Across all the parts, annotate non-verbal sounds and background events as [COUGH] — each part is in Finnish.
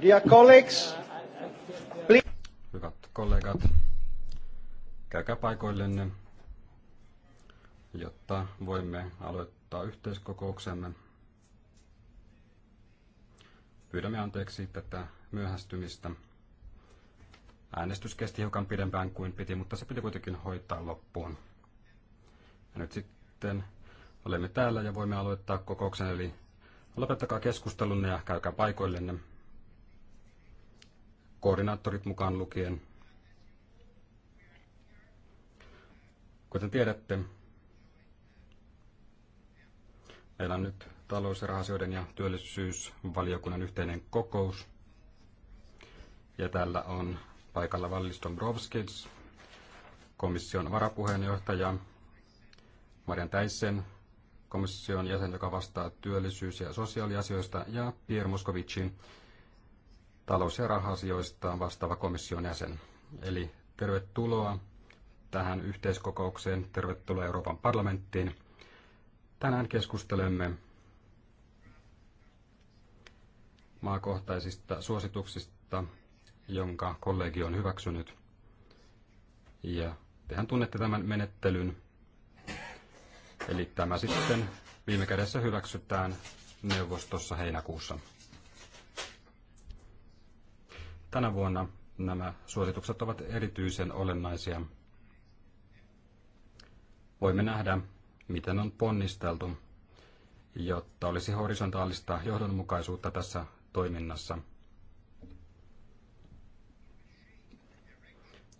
Dear colleagues, please. Hyvät kollegat, käykää paikoillenne, jotta voimme aloittaa yhteiskokouksemme. Pyydämme anteeksi tätä myöhästymistä. Äänestys kesti hiukan pidempään kuin piti, mutta se piti kuitenkin hoitaa loppuun. Ja nyt sitten olemme täällä ja voimme aloittaa kokouksen, eli lopettakaa keskustelunne ja käykää paikoillenne koordinaattorit mukaan lukien. Kuten tiedätte, meillä on nyt talous- ja rahasioiden ja työllisyysvaliokunnan yhteinen kokous. Ja täällä on paikalla Valliston Dombrovskis, komission varapuheenjohtaja, Marian Täissen, komission jäsen, joka vastaa työllisyys- ja sosiaaliasioista, ja Pierre Moskovicin, talous- ja on vastaava komission jäsen. Eli tervetuloa tähän yhteiskokoukseen, tervetuloa Euroopan parlamenttiin. Tänään keskustelemme maakohtaisista suosituksista, jonka kollegi on hyväksynyt. Ja tehän tunnette tämän menettelyn. Eli tämä sitten viime kädessä hyväksytään neuvostossa heinäkuussa. Tänä vuonna nämä suositukset ovat erityisen olennaisia. Voimme nähdä, miten on ponnisteltu, jotta olisi horisontaalista johdonmukaisuutta tässä toiminnassa.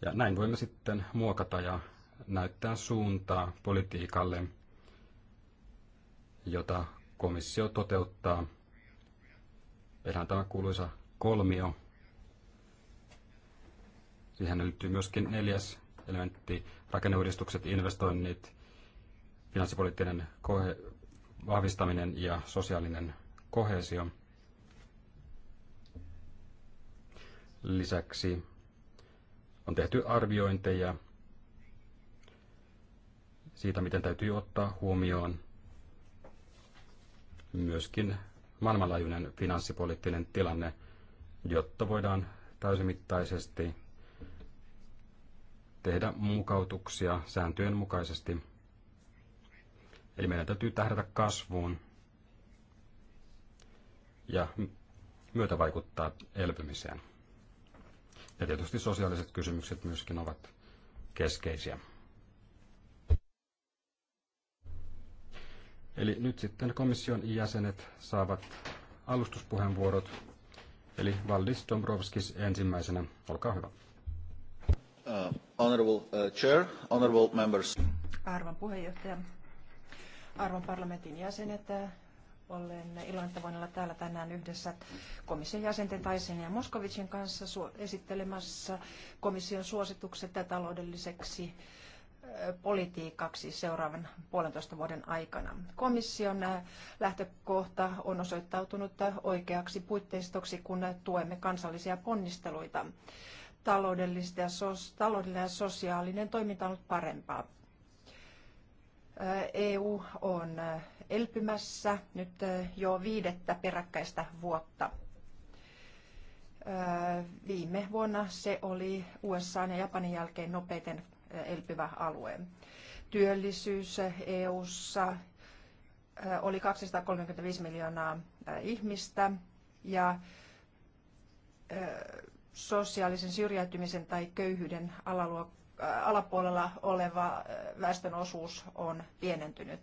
Ja näin voimme sitten muokata ja näyttää suuntaa politiikalle, jota komissio toteuttaa. Meillähän tämä kuuluisa kolmio Siihen liittyy myöskin neljäs elementti, rakenneuudistukset, investoinnit, finanssipoliittinen kohe- vahvistaminen ja sosiaalinen kohesio. Lisäksi on tehty arviointeja siitä, miten täytyy ottaa huomioon myöskin maailmanlaajuinen finanssipoliittinen tilanne, jotta voidaan täysimittaisesti tehdä mukautuksia sääntöjen mukaisesti. Eli meidän täytyy tähdätä kasvuun ja myötä vaikuttaa elpymiseen. Ja tietysti sosiaaliset kysymykset myöskin ovat keskeisiä. Eli nyt sitten komission jäsenet saavat alustuspuheenvuorot. Eli Valdis Dombrovskis ensimmäisenä. Olkaa hyvä. Uh, honorable uh, chair, honorable members. Arvon puheenjohtaja, arvon parlamentin jäsenet, uh, olen iloinen, että voin olla täällä tänään yhdessä komission jäsenten Taisen ja Moskovicin kanssa esittelemässä komission suositukset taloudelliseksi politiikaksi seuraavan puolentoista vuoden aikana. Komission lähtökohta on osoittautunut oikeaksi puitteistoksi, kun tuemme kansallisia ponnisteluita taloudellista ja sos, taloudellinen ja sosiaalinen toiminta on ollut parempaa. EU on elpymässä nyt jo viidettä peräkkäistä vuotta. Viime vuonna se oli USA ja Japanin jälkeen nopeiten elpyvä alue. Työllisyys EU:ssa oli 235 miljoonaa ihmistä ja sosiaalisen syrjäytymisen tai köyhyyden äh, alapuolella oleva äh, väestön osuus on pienentynyt.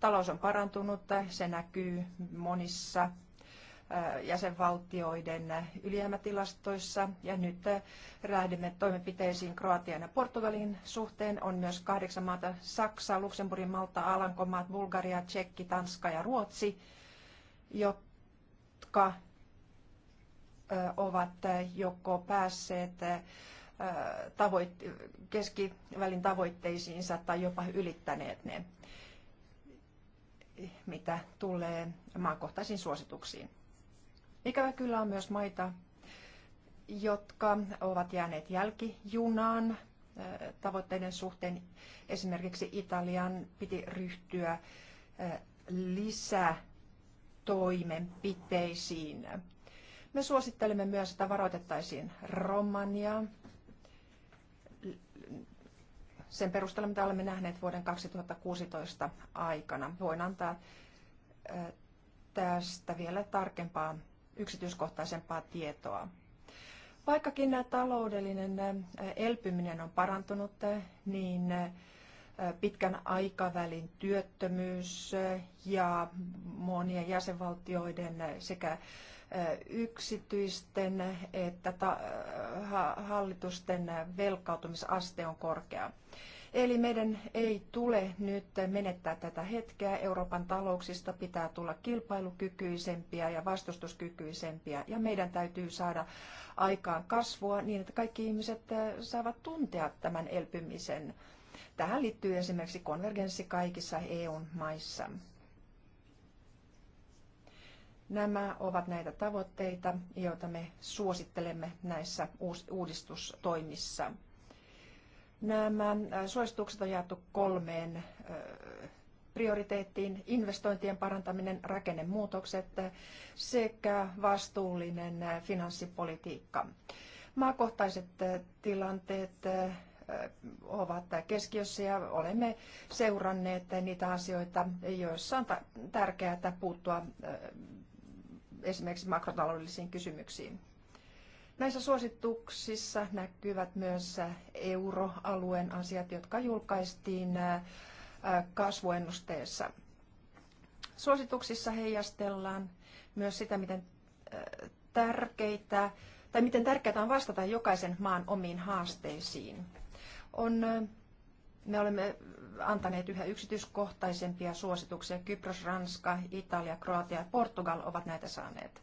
Talous on parantunut, se näkyy monissa äh, jäsenvaltioiden ylijäämätilastoissa ja nyt lähdemme toimenpiteisiin Kroatian ja Portugalin suhteen. On myös kahdeksan maata Saksa, Luxemburgin, Malta, Alankomaat, Bulgaria, Tsekki, Tanska ja Ruotsi, jotka ovat joko päässeet tavoitte- keskivälin tavoitteisiinsa tai jopa ylittäneet ne, mitä tulee maakohtaisiin suosituksiin. Ikävä kyllä on myös maita, jotka ovat jääneet jälkijunaan tavoitteiden suhteen. Esimerkiksi Italian piti ryhtyä lisätoimenpiteisiin me suosittelemme myös, että varoitettaisiin Romaniaa sen perusteella, mitä olemme nähneet vuoden 2016 aikana. Voin antaa tästä vielä tarkempaa, yksityiskohtaisempaa tietoa. Vaikkakin taloudellinen elpyminen on parantunut, niin pitkän aikavälin työttömyys ja monien jäsenvaltioiden sekä yksityisten että hallitusten velkautumisaste on korkea. Eli meidän ei tule nyt menettää tätä hetkeä. Euroopan talouksista pitää tulla kilpailukykyisempiä ja vastustuskykyisempiä. Ja meidän täytyy saada aikaan kasvua niin, että kaikki ihmiset saavat tuntea tämän elpymisen. Tähän liittyy esimerkiksi konvergenssi kaikissa eu maissa. Nämä ovat näitä tavoitteita, joita me suosittelemme näissä uudistustoimissa. Nämä äh, suositukset on jaettu kolmeen äh, prioriteettiin, investointien parantaminen, rakennemuutokset äh, sekä vastuullinen finanssipolitiikka. Maakohtaiset tilanteet ovat keskiössä ja olemme seuranneet niitä asioita, joissa on tärkeää puuttua esimerkiksi makrotaloudellisiin kysymyksiin. Näissä suosituksissa näkyvät myös euroalueen asiat, jotka julkaistiin kasvuennusteessa. Suosituksissa heijastellaan myös sitä, miten tärkeitä tai miten tärkeää on vastata jokaisen maan omiin haasteisiin. On, me olemme antaneet yhä yksityiskohtaisempia suosituksia. Kypros, Ranska, Italia, Kroatia ja Portugal ovat näitä saaneet.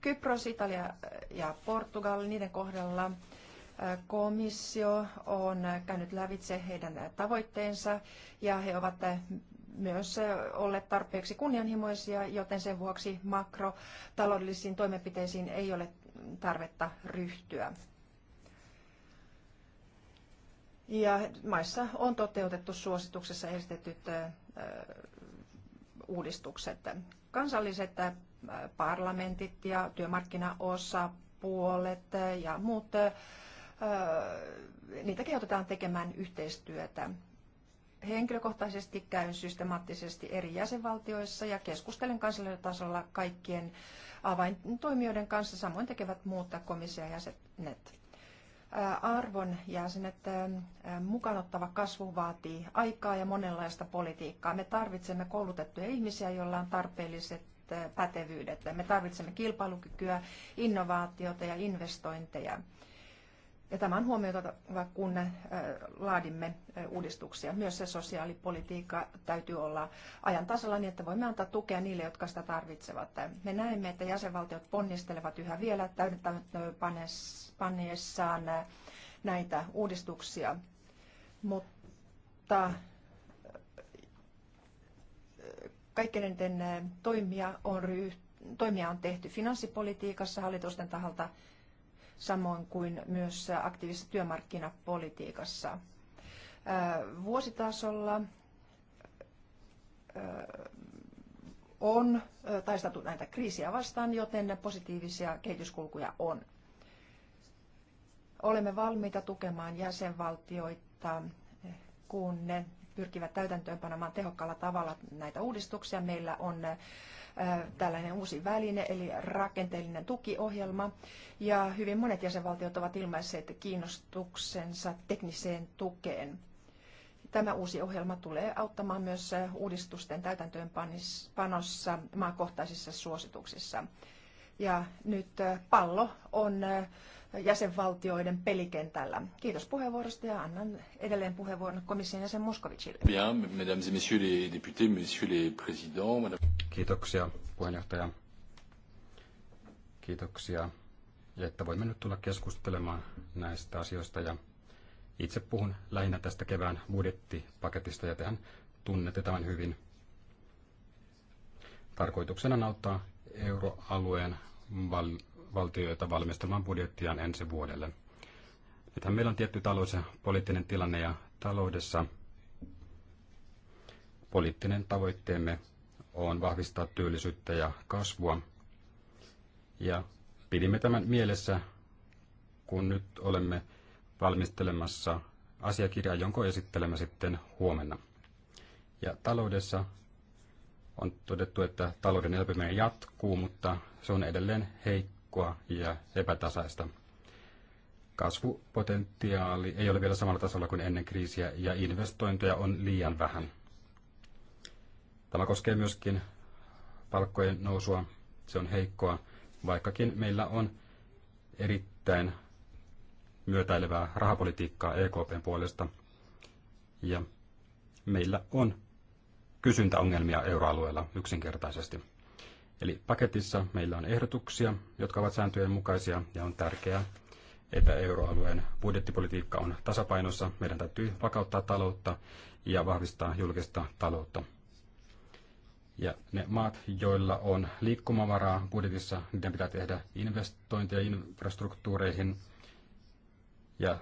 Kypros, Italia ja Portugal, niiden kohdalla äh, komissio on käynyt lävitse heidän tavoitteensa ja he ovat äh, myös äh, olleet tarpeeksi kunnianhimoisia, joten sen vuoksi makrotaloudellisiin toimenpiteisiin ei ole tarvetta ryhtyä. Ja maissa on toteutettu suosituksessa esitetyt uudistukset. Kansalliset parlamentit ja työmarkkinaosapuolet ja muut, niitä kehotetaan tekemään yhteistyötä. Henkilökohtaisesti käyn systemaattisesti eri jäsenvaltioissa ja keskustelen kansallisella kaikkien avaintoimijoiden kanssa, samoin tekevät muut komission jäsenet arvon ja sen, että mukanottava kasvu vaatii aikaa ja monenlaista politiikkaa. Me tarvitsemme koulutettuja ihmisiä, joilla on tarpeelliset pätevyydet. Me tarvitsemme kilpailukykyä, innovaatiota ja investointeja. Ja tämä on huomioitava, kun äh, laadimme äh, uudistuksia. Myös se sosiaalipolitiikka täytyy olla ajan tasalla niin, että voimme antaa tukea niille, jotka sitä tarvitsevat. Me näemme, että jäsenvaltiot ponnistelevat yhä vielä täydentäneessään äh, näitä uudistuksia, mutta kaikkein eniten toimia on, ryh- toimia on tehty finanssipolitiikassa hallitusten taholta – samoin kuin myös aktiivisessa työmarkkinapolitiikassa. Vuositasolla on taisteltu näitä kriisiä vastaan, joten positiivisia kehityskulkuja on. Olemme valmiita tukemaan jäsenvaltioita, kun ne pyrkivät täytäntöönpanemaan tehokkaalla tavalla näitä uudistuksia. Meillä on tällainen uusi väline, eli rakenteellinen tukiohjelma. Ja hyvin monet jäsenvaltiot ovat ilmaisseet kiinnostuksensa tekniseen tukeen. Tämä uusi ohjelma tulee auttamaan myös uudistusten täytäntöönpanossa maakohtaisissa suosituksissa. Ja nyt pallo on jäsenvaltioiden pelikentällä. Kiitos puheenvuorosta ja annan edelleen puheenvuoron komission jäsen Moskovicille. Bien, mesdames et messieurs les députés, messieurs les présidents, madame... Kiitoksia puheenjohtaja. Kiitoksia, että voimme nyt tulla keskustelemaan näistä asioista ja itse puhun lähinnä tästä kevään budjettipaketista ja tehän tunnette tämän hyvin. Tarkoituksena on auttaa euroalueen valtioita valmistelemaan budjettiaan ensi vuodelle. Nythän meillä on tietty talous- ja poliittinen tilanne ja taloudessa poliittinen tavoitteemme on vahvistaa työllisyyttä ja kasvua. Ja pidimme tämän mielessä, kun nyt olemme valmistelemassa asiakirjaa, jonka esittelemme sitten huomenna. Ja taloudessa on todettu, että talouden elpyminen jatkuu, mutta se on edelleen heikko heikkoa ja epätasaista. Kasvupotentiaali ei ole vielä samalla tasolla kuin ennen kriisiä ja investointeja on liian vähän. Tämä koskee myöskin palkkojen nousua. Se on heikkoa, vaikkakin meillä on erittäin myötäilevää rahapolitiikkaa EKPn puolesta. Ja meillä on kysyntäongelmia euroalueella yksinkertaisesti. Eli paketissa meillä on ehdotuksia, jotka ovat sääntöjen mukaisia ja on tärkeää, että euroalueen budjettipolitiikka on tasapainossa. Meidän täytyy vakauttaa taloutta ja vahvistaa julkista taloutta. Ja ne maat, joilla on liikkumavaraa budjetissa, niiden pitää tehdä investointeja infrastruktuureihin. Ja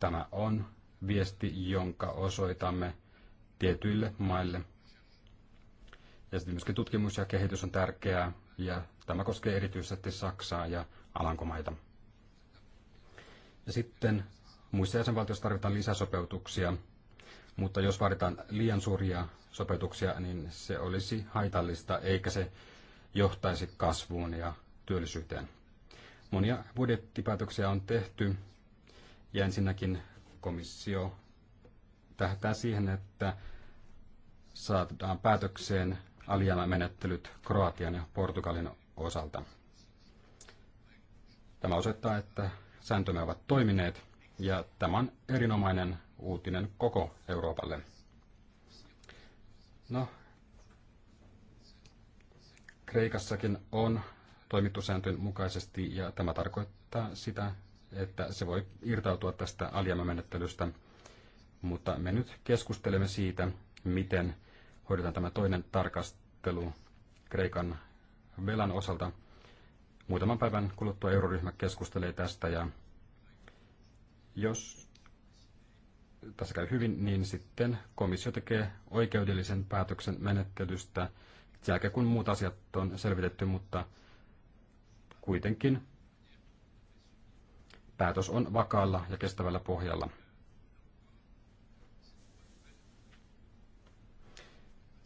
tämä on viesti, jonka osoitamme tietyille maille, ja sitten myöskin tutkimus ja kehitys on tärkeää, ja tämä koskee erityisesti Saksaa ja Alankomaita. Ja sitten muissa jäsenvaltioissa tarvitaan lisäsopeutuksia, mutta jos vaaditaan liian suuria sopeutuksia, niin se olisi haitallista, eikä se johtaisi kasvuun ja työllisyyteen. Monia budjettipäätöksiä on tehty, ja ensinnäkin komissio tähtää siihen, että saadaan päätökseen alijäämämenettelyt Kroatian ja Portugalin osalta. Tämä osoittaa, että sääntömme ovat toimineet ja tämä on erinomainen uutinen koko Euroopalle. No, Kreikassakin on toimittu sääntöjen mukaisesti ja tämä tarkoittaa sitä, että se voi irtautua tästä alijäämämenettelystä, mutta me nyt keskustelemme siitä, miten hoidetaan tämä toinen tarkast- neuvottelu Kreikan velan osalta. Muutaman päivän kuluttua euroryhmä keskustelee tästä ja jos tässä käy hyvin, niin sitten komissio tekee oikeudellisen päätöksen menettelystä sen jälkeen, kun muut asiat on selvitetty, mutta kuitenkin päätös on vakaalla ja kestävällä pohjalla.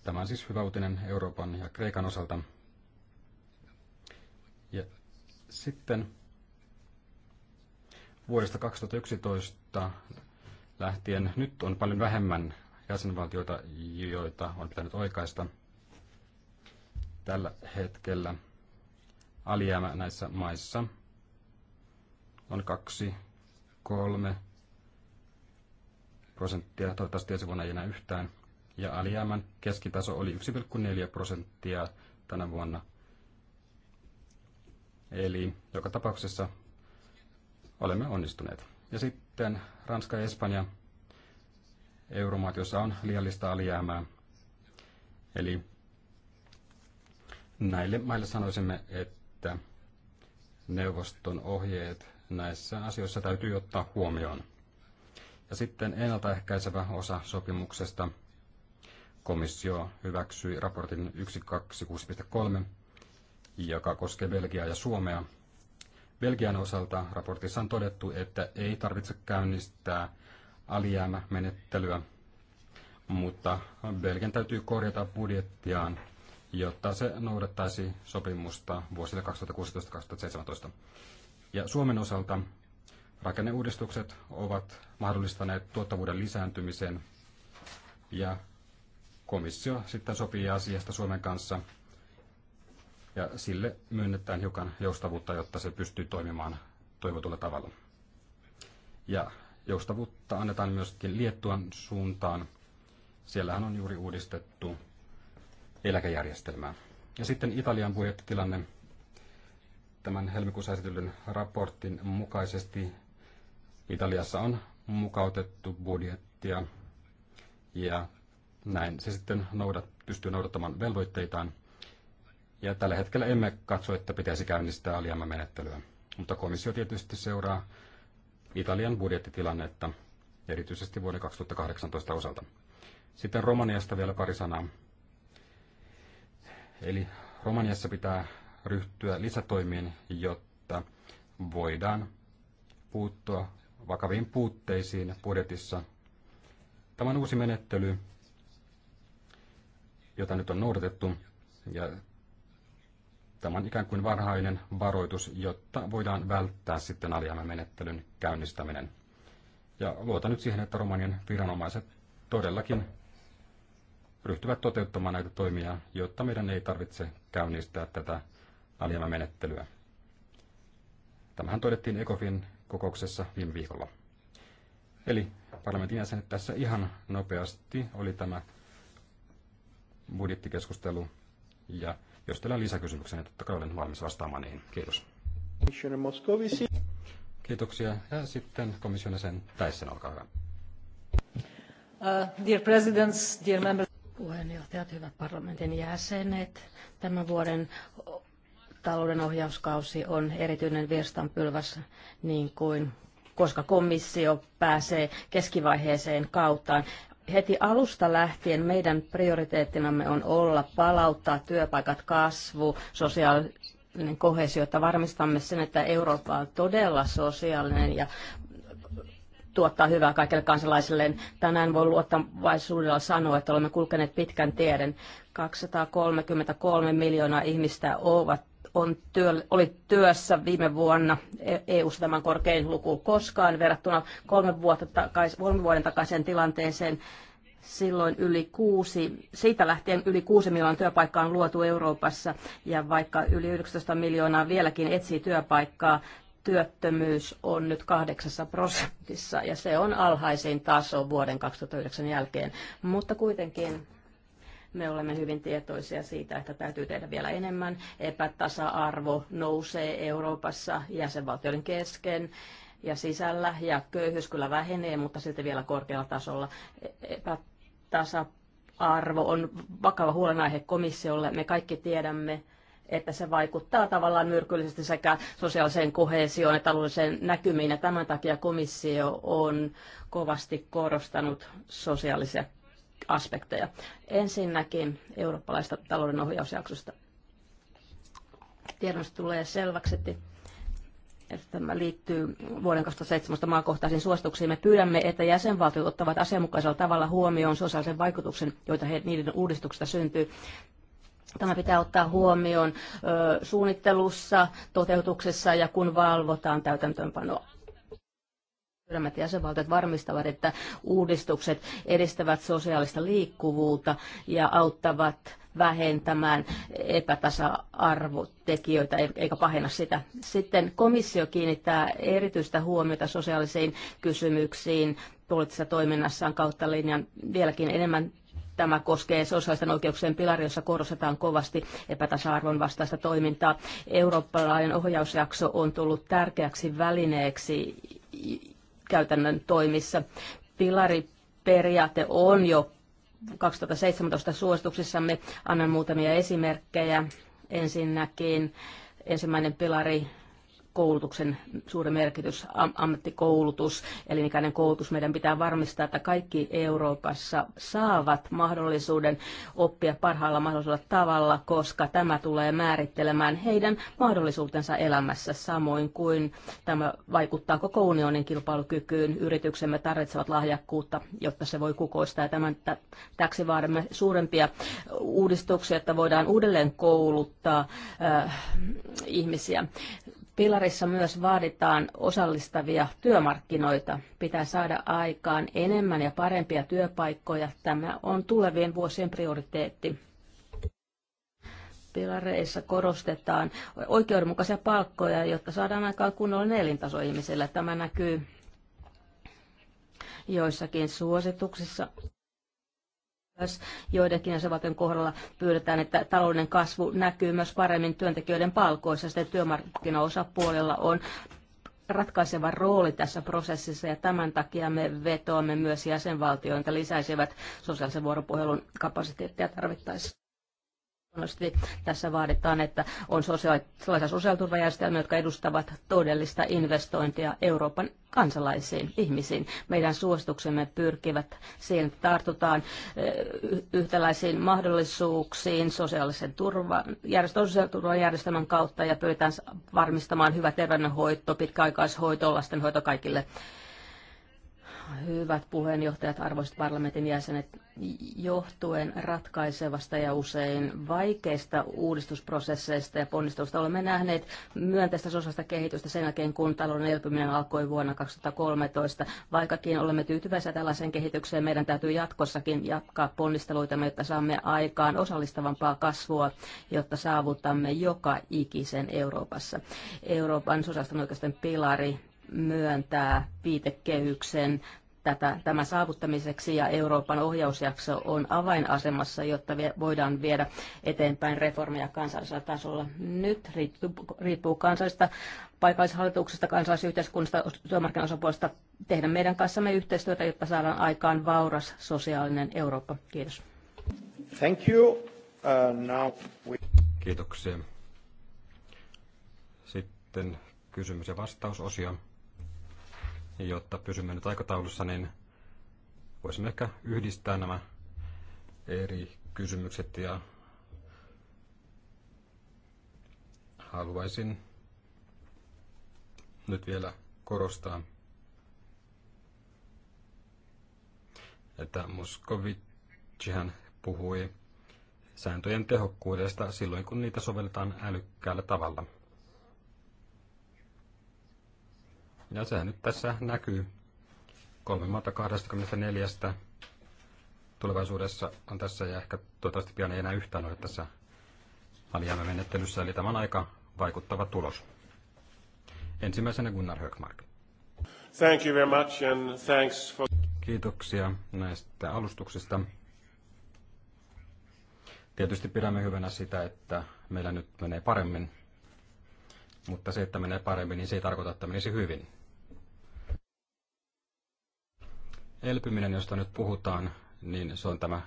Tämä on siis hyvä uutinen Euroopan ja Kreikan osalta. Ja sitten vuodesta 2011 lähtien nyt on paljon vähemmän jäsenvaltioita, joita on pitänyt oikaista. Tällä hetkellä alijäämä näissä maissa on kaksi, kolme prosenttia. Toivottavasti ensi vuonna ei enää yhtään ja alijäämän keskitaso oli 1,4 prosenttia tänä vuonna. Eli joka tapauksessa olemme onnistuneet. Ja sitten Ranska ja Espanja, euromaat, joissa on liiallista alijäämää. Eli näille maille sanoisimme, että neuvoston ohjeet näissä asioissa täytyy ottaa huomioon. Ja sitten ennaltaehkäisevä osa sopimuksesta – komissio hyväksyi raportin 126.3, joka koskee Belgiaa ja Suomea. Belgian osalta raportissa on todettu, että ei tarvitse käynnistää alijäämämenettelyä, mutta Belgian täytyy korjata budjettiaan, jotta se noudattaisi sopimusta vuosille 2016-2017. Ja Suomen osalta rakenneuudistukset ovat mahdollistaneet tuottavuuden lisääntymisen ja komissio sitten sopii asiasta Suomen kanssa ja sille myönnetään hiukan joustavuutta, jotta se pystyy toimimaan toivotulla tavalla. Ja joustavuutta annetaan myöskin Liettuan suuntaan. Siellähän on juuri uudistettu eläkejärjestelmää. Ja sitten Italian budjettitilanne. Tämän helmikuussa esitellyn raportin mukaisesti Italiassa on mukautettu budjettia ja näin se sitten noudat, pystyy noudattamaan velvoitteitaan. Ja tällä hetkellä emme katso, että pitäisi käynnistää alijäämämenettelyä. Mutta komissio tietysti seuraa Italian budjettitilannetta, erityisesti vuoden 2018 osalta. Sitten Romaniasta vielä pari sanaa. Eli Romaniassa pitää ryhtyä lisätoimiin, jotta voidaan puuttua vakaviin puutteisiin budjetissa. Tämä on uusi menettely, jota nyt on noudatettu. Ja tämä on ikään kuin varhainen varoitus, jotta voidaan välttää sitten alijäämämenettelyn käynnistäminen. Ja luotan nyt siihen, että Romanian viranomaiset todellakin ryhtyvät toteuttamaan näitä toimia, jotta meidän ei tarvitse käynnistää tätä alijäämämenettelyä. Tämähän todettiin ECOFIN kokouksessa viime viikolla. Eli parlamentin jäsenet tässä ihan nopeasti oli tämä budjettikeskustelu. Ja jos teillä on lisäkysymyksiä, niin totta kai olen valmis vastaamaan niihin. Kiitos. Kiitoksia. Ja sitten komission sen Täissen, olkaa hyvä. Uh, dear presidents, dear members. Puheenjohtajat, hyvät parlamentin jäsenet. Tämän vuoden talouden ohjauskausi on erityinen virstanpylväs, niin kuin koska komissio pääsee keskivaiheeseen kauttaan heti alusta lähtien meidän prioriteettinamme on olla palauttaa työpaikat kasvu, sosiaalinen kohesio, että varmistamme sen, että Eurooppa on todella sosiaalinen ja tuottaa hyvää kaikille kansalaisille. Tänään voi luottavaisuudella sanoa, että olemme kulkeneet pitkän tieden. 233 miljoonaa ihmistä ovat on työ, oli työssä viime vuonna EU-ssa e tämän korkein luku koskaan verrattuna kolme, vuotta takais, kolme vuoden takaisin tilanteeseen. Silloin yli kuusi, siitä lähtien yli kuusi miljoonaa työpaikkaa on luotu Euroopassa ja vaikka yli 19 miljoonaa vieläkin etsii työpaikkaa, työttömyys on nyt kahdeksassa prosentissa ja se on alhaisin taso vuoden 2009 jälkeen. Mutta kuitenkin me olemme hyvin tietoisia siitä, että täytyy tehdä vielä enemmän. Epätasa-arvo nousee Euroopassa jäsenvaltioiden kesken ja sisällä, ja köyhyys kyllä vähenee, mutta silti vielä korkealla tasolla. Epätasa-arvo on vakava huolenaihe komissiolle. Me kaikki tiedämme, että se vaikuttaa tavallaan myrkyllisesti sekä sosiaaliseen kohesioon että taloudelliseen näkymiin, ja tämän takia komissio on kovasti korostanut sosiaalisia aspekteja. Ensinnäkin eurooppalaista talouden ohjausjaksosta. Tiedosta tulee selväksi, että että tämä liittyy vuoden 2017 maakohtaisiin suosituksiin. Me pyydämme, että jäsenvaltiot ottavat asianmukaisella tavalla huomioon sosiaalisen vaikutuksen, joita he, niiden uudistuksesta syntyy. Tämä pitää ottaa huomioon ö, suunnittelussa, toteutuksessa ja kun valvotaan täytäntöönpanoa. Työelämät jäsenvaltiot varmistavat, että uudistukset edistävät sosiaalista liikkuvuutta ja auttavat vähentämään epätasa-arvotekijöitä e- eikä pahenna sitä. Sitten komissio kiinnittää erityistä huomiota sosiaalisiin kysymyksiin poliittisessa toiminnassaan kautta linjan vieläkin enemmän Tämä koskee sosiaalisten oikeuksien pilari, jossa korostetaan kovasti epätasa-arvon vastaista toimintaa. Eurooppalainen ohjausjakso on tullut tärkeäksi välineeksi käytännön toimissa. Pilariperiaate on jo 2017 suosituksissamme. Annan muutamia esimerkkejä. Ensinnäkin ensimmäinen pilari koulutuksen suuri merkitys, ammattikoulutus, elinikäinen koulutus. Meidän pitää varmistaa, että kaikki Euroopassa saavat mahdollisuuden oppia parhaalla mahdollisella tavalla, koska tämä tulee määrittelemään heidän mahdollisuutensa elämässä, samoin kuin tämä vaikuttaa koko unionin kilpailukykyyn. Yrityksemme tarvitsevat lahjakkuutta, jotta se voi kukoistaa. Tämän täksi vaadimme suurempia uudistuksia, että voidaan uudelleen kouluttaa äh, ihmisiä Pilarissa myös vaaditaan osallistavia työmarkkinoita. Pitää saada aikaan enemmän ja parempia työpaikkoja. Tämä on tulevien vuosien prioriteetti. Pilareissa korostetaan oikeudenmukaisia palkkoja, jotta saadaan aikaan kunnollinen elintaso ihmisille. Tämä näkyy joissakin suosituksissa myös joidenkin jäsenvaltion kohdalla pyydetään, että talouden kasvu näkyy myös paremmin työntekijöiden palkoissa. Sitten työmarkkinaosapuolella on ratkaiseva rooli tässä prosessissa ja tämän takia me vetoamme myös jäsenvaltioita lisäisivät sosiaalisen vuoropuhelun kapasiteettia tarvittaessa. Luonnollisesti tässä vaaditaan, että on sellaisia sosiaaliturvajärjestelmiä, jotka edustavat todellista investointia Euroopan kansalaisiin, ihmisiin. Meidän suosituksemme pyrkivät siihen, että tartutaan eh, yhtäläisiin mahdollisuuksiin sosiaalisen turvajärjestelmän kautta ja pyritään varmistamaan hyvä terveydenhoito, pitkäaikaishoito, lastenhoito kaikille hyvät puheenjohtajat, arvoisat parlamentin jäsenet, johtuen ratkaisevasta ja usein vaikeista uudistusprosesseista ja ponnistelusta olemme nähneet myönteistä sosiaalista kehitystä sen jälkeen, kun talouden elpyminen alkoi vuonna 2013. Vaikkakin olemme tyytyväisiä tällaiseen kehitykseen, meidän täytyy jatkossakin jatkaa ponnisteluita, jotta saamme aikaan osallistavampaa kasvua, jotta saavutamme joka ikisen Euroopassa. Euroopan sosiaalisten oikeusten pilari myöntää viitekehyksen tätä, tämän saavuttamiseksi ja Euroopan ohjausjakso on avainasemassa, jotta voidaan viedä eteenpäin reformia kansallisella tasolla. Nyt riippuu kansallista paikallishallituksesta, kansalaisyhteiskunnasta, työmarkkinaosapuolesta tehdä meidän kanssamme yhteistyötä, jotta saadaan aikaan vauras sosiaalinen Eurooppa. Kiitos. Thank you. Uh, now we... Kiitoksia. Sitten kysymys- ja vastausosio jotta pysymme nyt aikataulussa, niin voisimme ehkä yhdistää nämä eri kysymykset ja haluaisin nyt vielä korostaa, että Moskovitsihan puhui sääntöjen tehokkuudesta silloin, kun niitä sovelletaan älykkäällä tavalla. Ja no, sehän nyt tässä näkyy. Kolme tulevaisuudessa on tässä ja ehkä toivottavasti pian ei enää yhtään ole tässä alijäämämenettelyssä, eli tämä on aika vaikuttava tulos. Ensimmäisenä Gunnar Högmark. Thank you very much and thanks for... Kiitoksia näistä alustuksista. Tietysti pidämme hyvänä sitä, että meillä nyt menee paremmin, mutta se, että menee paremmin, niin se ei tarkoita, että menisi hyvin. elpyminen, josta nyt puhutaan, niin se on tämä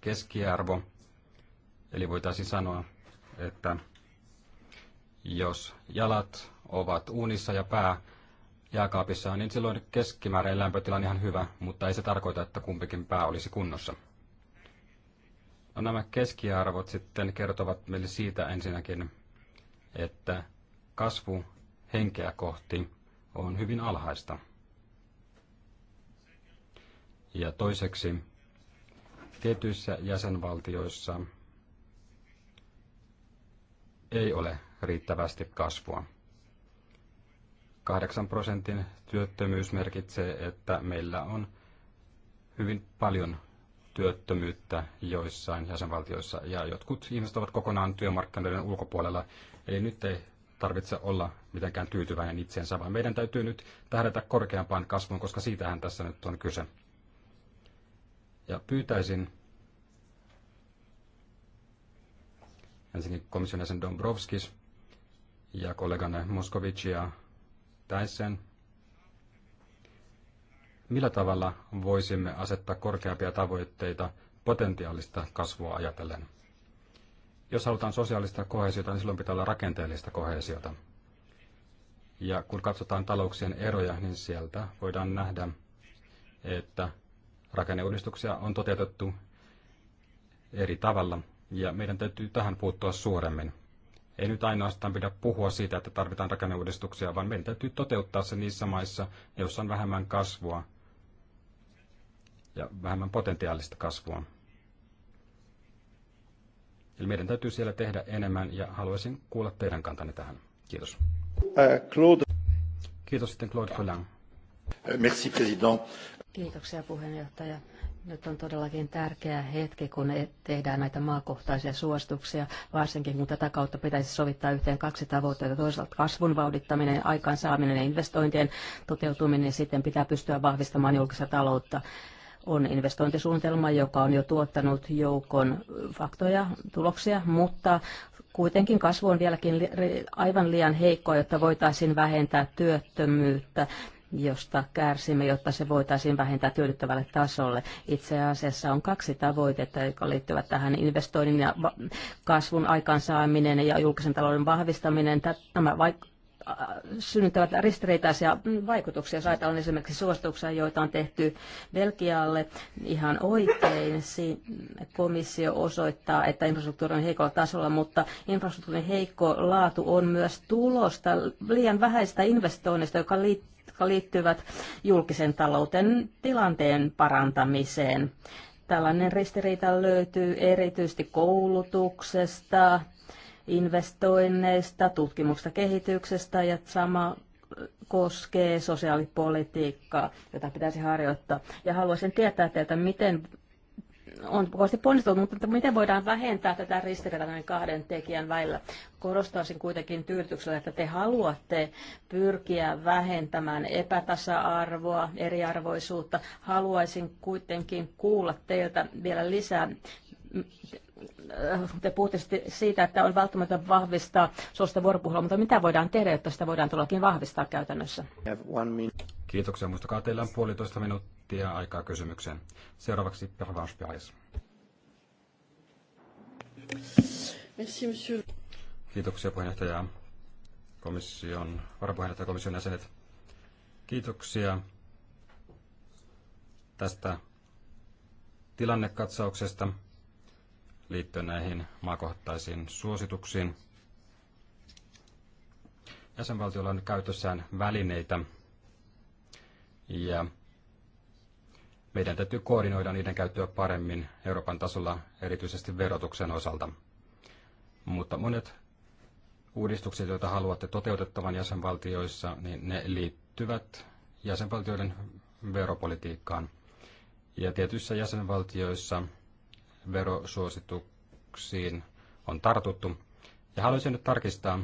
keskiarvo. Eli voitaisiin sanoa, että jos jalat ovat uunissa ja pää jääkaapissa, niin silloin keskimääräinen lämpötila on ihan hyvä, mutta ei se tarkoita, että kumpikin pää olisi kunnossa. No, nämä keskiarvot sitten kertovat meille siitä ensinnäkin, että kasvu henkeä kohti on hyvin alhaista. Ja toiseksi, tietyissä jäsenvaltioissa ei ole riittävästi kasvua. 8 prosentin työttömyys merkitsee, että meillä on hyvin paljon työttömyyttä joissain jäsenvaltioissa ja jotkut ihmiset ovat kokonaan työmarkkinoiden ulkopuolella. Eli nyt ei tarvitse olla mitenkään tyytyväinen itseensä, vaan meidän täytyy nyt tähdätä korkeampaan kasvuun, koska siitähän tässä nyt on kyse. Ja pyytäisin ensinnäkin komission jäsen Dombrovskis ja kolleganne Moskovic ja Täissen. Millä tavalla voisimme asettaa korkeampia tavoitteita potentiaalista kasvua ajatellen? Jos halutaan sosiaalista kohesiota, niin silloin pitää olla rakenteellista kohesiota. Ja kun katsotaan talouksien eroja, niin sieltä voidaan nähdä, että rakenneuudistuksia on toteutettu eri tavalla, ja meidän täytyy tähän puuttua suoremmin. Ei nyt ainoastaan pidä puhua siitä, että tarvitaan rakenneuudistuksia, vaan meidän täytyy toteuttaa se niissä maissa, joissa on vähemmän kasvua ja vähemmän potentiaalista kasvua. Eli meidän täytyy siellä tehdä enemmän ja haluaisin kuulla teidän kantanne tähän. Kiitos. Äh, Claude. Kiitos sitten Claude Follin. Äh, merci, président. Kiitoksia puheenjohtaja. Nyt on todellakin tärkeä hetki, kun e- tehdään näitä maakohtaisia suosituksia, varsinkin kun tätä kautta pitäisi sovittaa yhteen kaksi tavoitteita. Toisaalta kasvun vauhdittaminen, aikaansaaminen ja investointien toteutuminen, sitten pitää pystyä vahvistamaan julkista taloutta on investointisuunnitelma, joka on jo tuottanut joukon faktoja, tuloksia, mutta kuitenkin kasvu on vieläkin aivan liian heikkoa, jotta voitaisiin vähentää työttömyyttä josta kärsimme, jotta se voitaisiin vähentää tyydyttävälle tasolle. Itse asiassa on kaksi tavoitetta, jotka liittyvät tähän investoinnin ja kasvun aikaansaaminen ja julkisen talouden vahvistaminen. Tämä vaik- äh, synnyttävät ristiriitaisia vaikutuksia. Jos ajatellaan esimerkiksi suosituksia, joita on tehty Belgialle ihan oikein, komissio osoittaa, että infrastruktuuri on heikolla tasolla, mutta infrastruktuurin heikko laatu on myös tulosta liian vähäistä investoinnista, joka liittyy jotka liittyvät julkisen talouden tilanteen parantamiseen. Tällainen ristiriita löytyy erityisesti koulutuksesta, investoinneista, tutkimuksesta, kehityksestä ja sama koskee sosiaalipolitiikkaa, jota pitäisi harjoittaa. Ja haluaisin tietää teiltä, miten on kovasti ponnistunut, mutta miten voidaan vähentää tätä ristiriitaa näiden kahden tekijän välillä? Korostaisin kuitenkin tyydytyksellä, että te haluatte pyrkiä vähentämään epätasa-arvoa, eriarvoisuutta. Haluaisin kuitenkin kuulla teiltä vielä lisää te puhutte siitä, että on välttämätöntä vahvistaa suosta vuoropuhelua, mutta mitä voidaan tehdä, jotta sitä voidaan todellakin vahvistaa käytännössä? Kiitoksia. Muistakaa, teillä on puolitoista minuuttia aikaa kysymykseen. Seuraavaksi Pervans Pires. Kiitoksia puheenjohtaja komission, varapuheenjohtaja komission jäsenet. Kiitoksia tästä tilannekatsauksesta liittyen näihin maakohtaisiin suosituksiin. Jäsenvaltiolla on käytössään välineitä ja meidän täytyy koordinoida niiden käyttöä paremmin Euroopan tasolla, erityisesti verotuksen osalta. Mutta monet uudistukset, joita haluatte toteutettavan jäsenvaltioissa, niin ne liittyvät jäsenvaltioiden veropolitiikkaan. Ja tietyissä jäsenvaltioissa verosuosituksiin on tartuttu. Ja haluaisin nyt tarkistaa,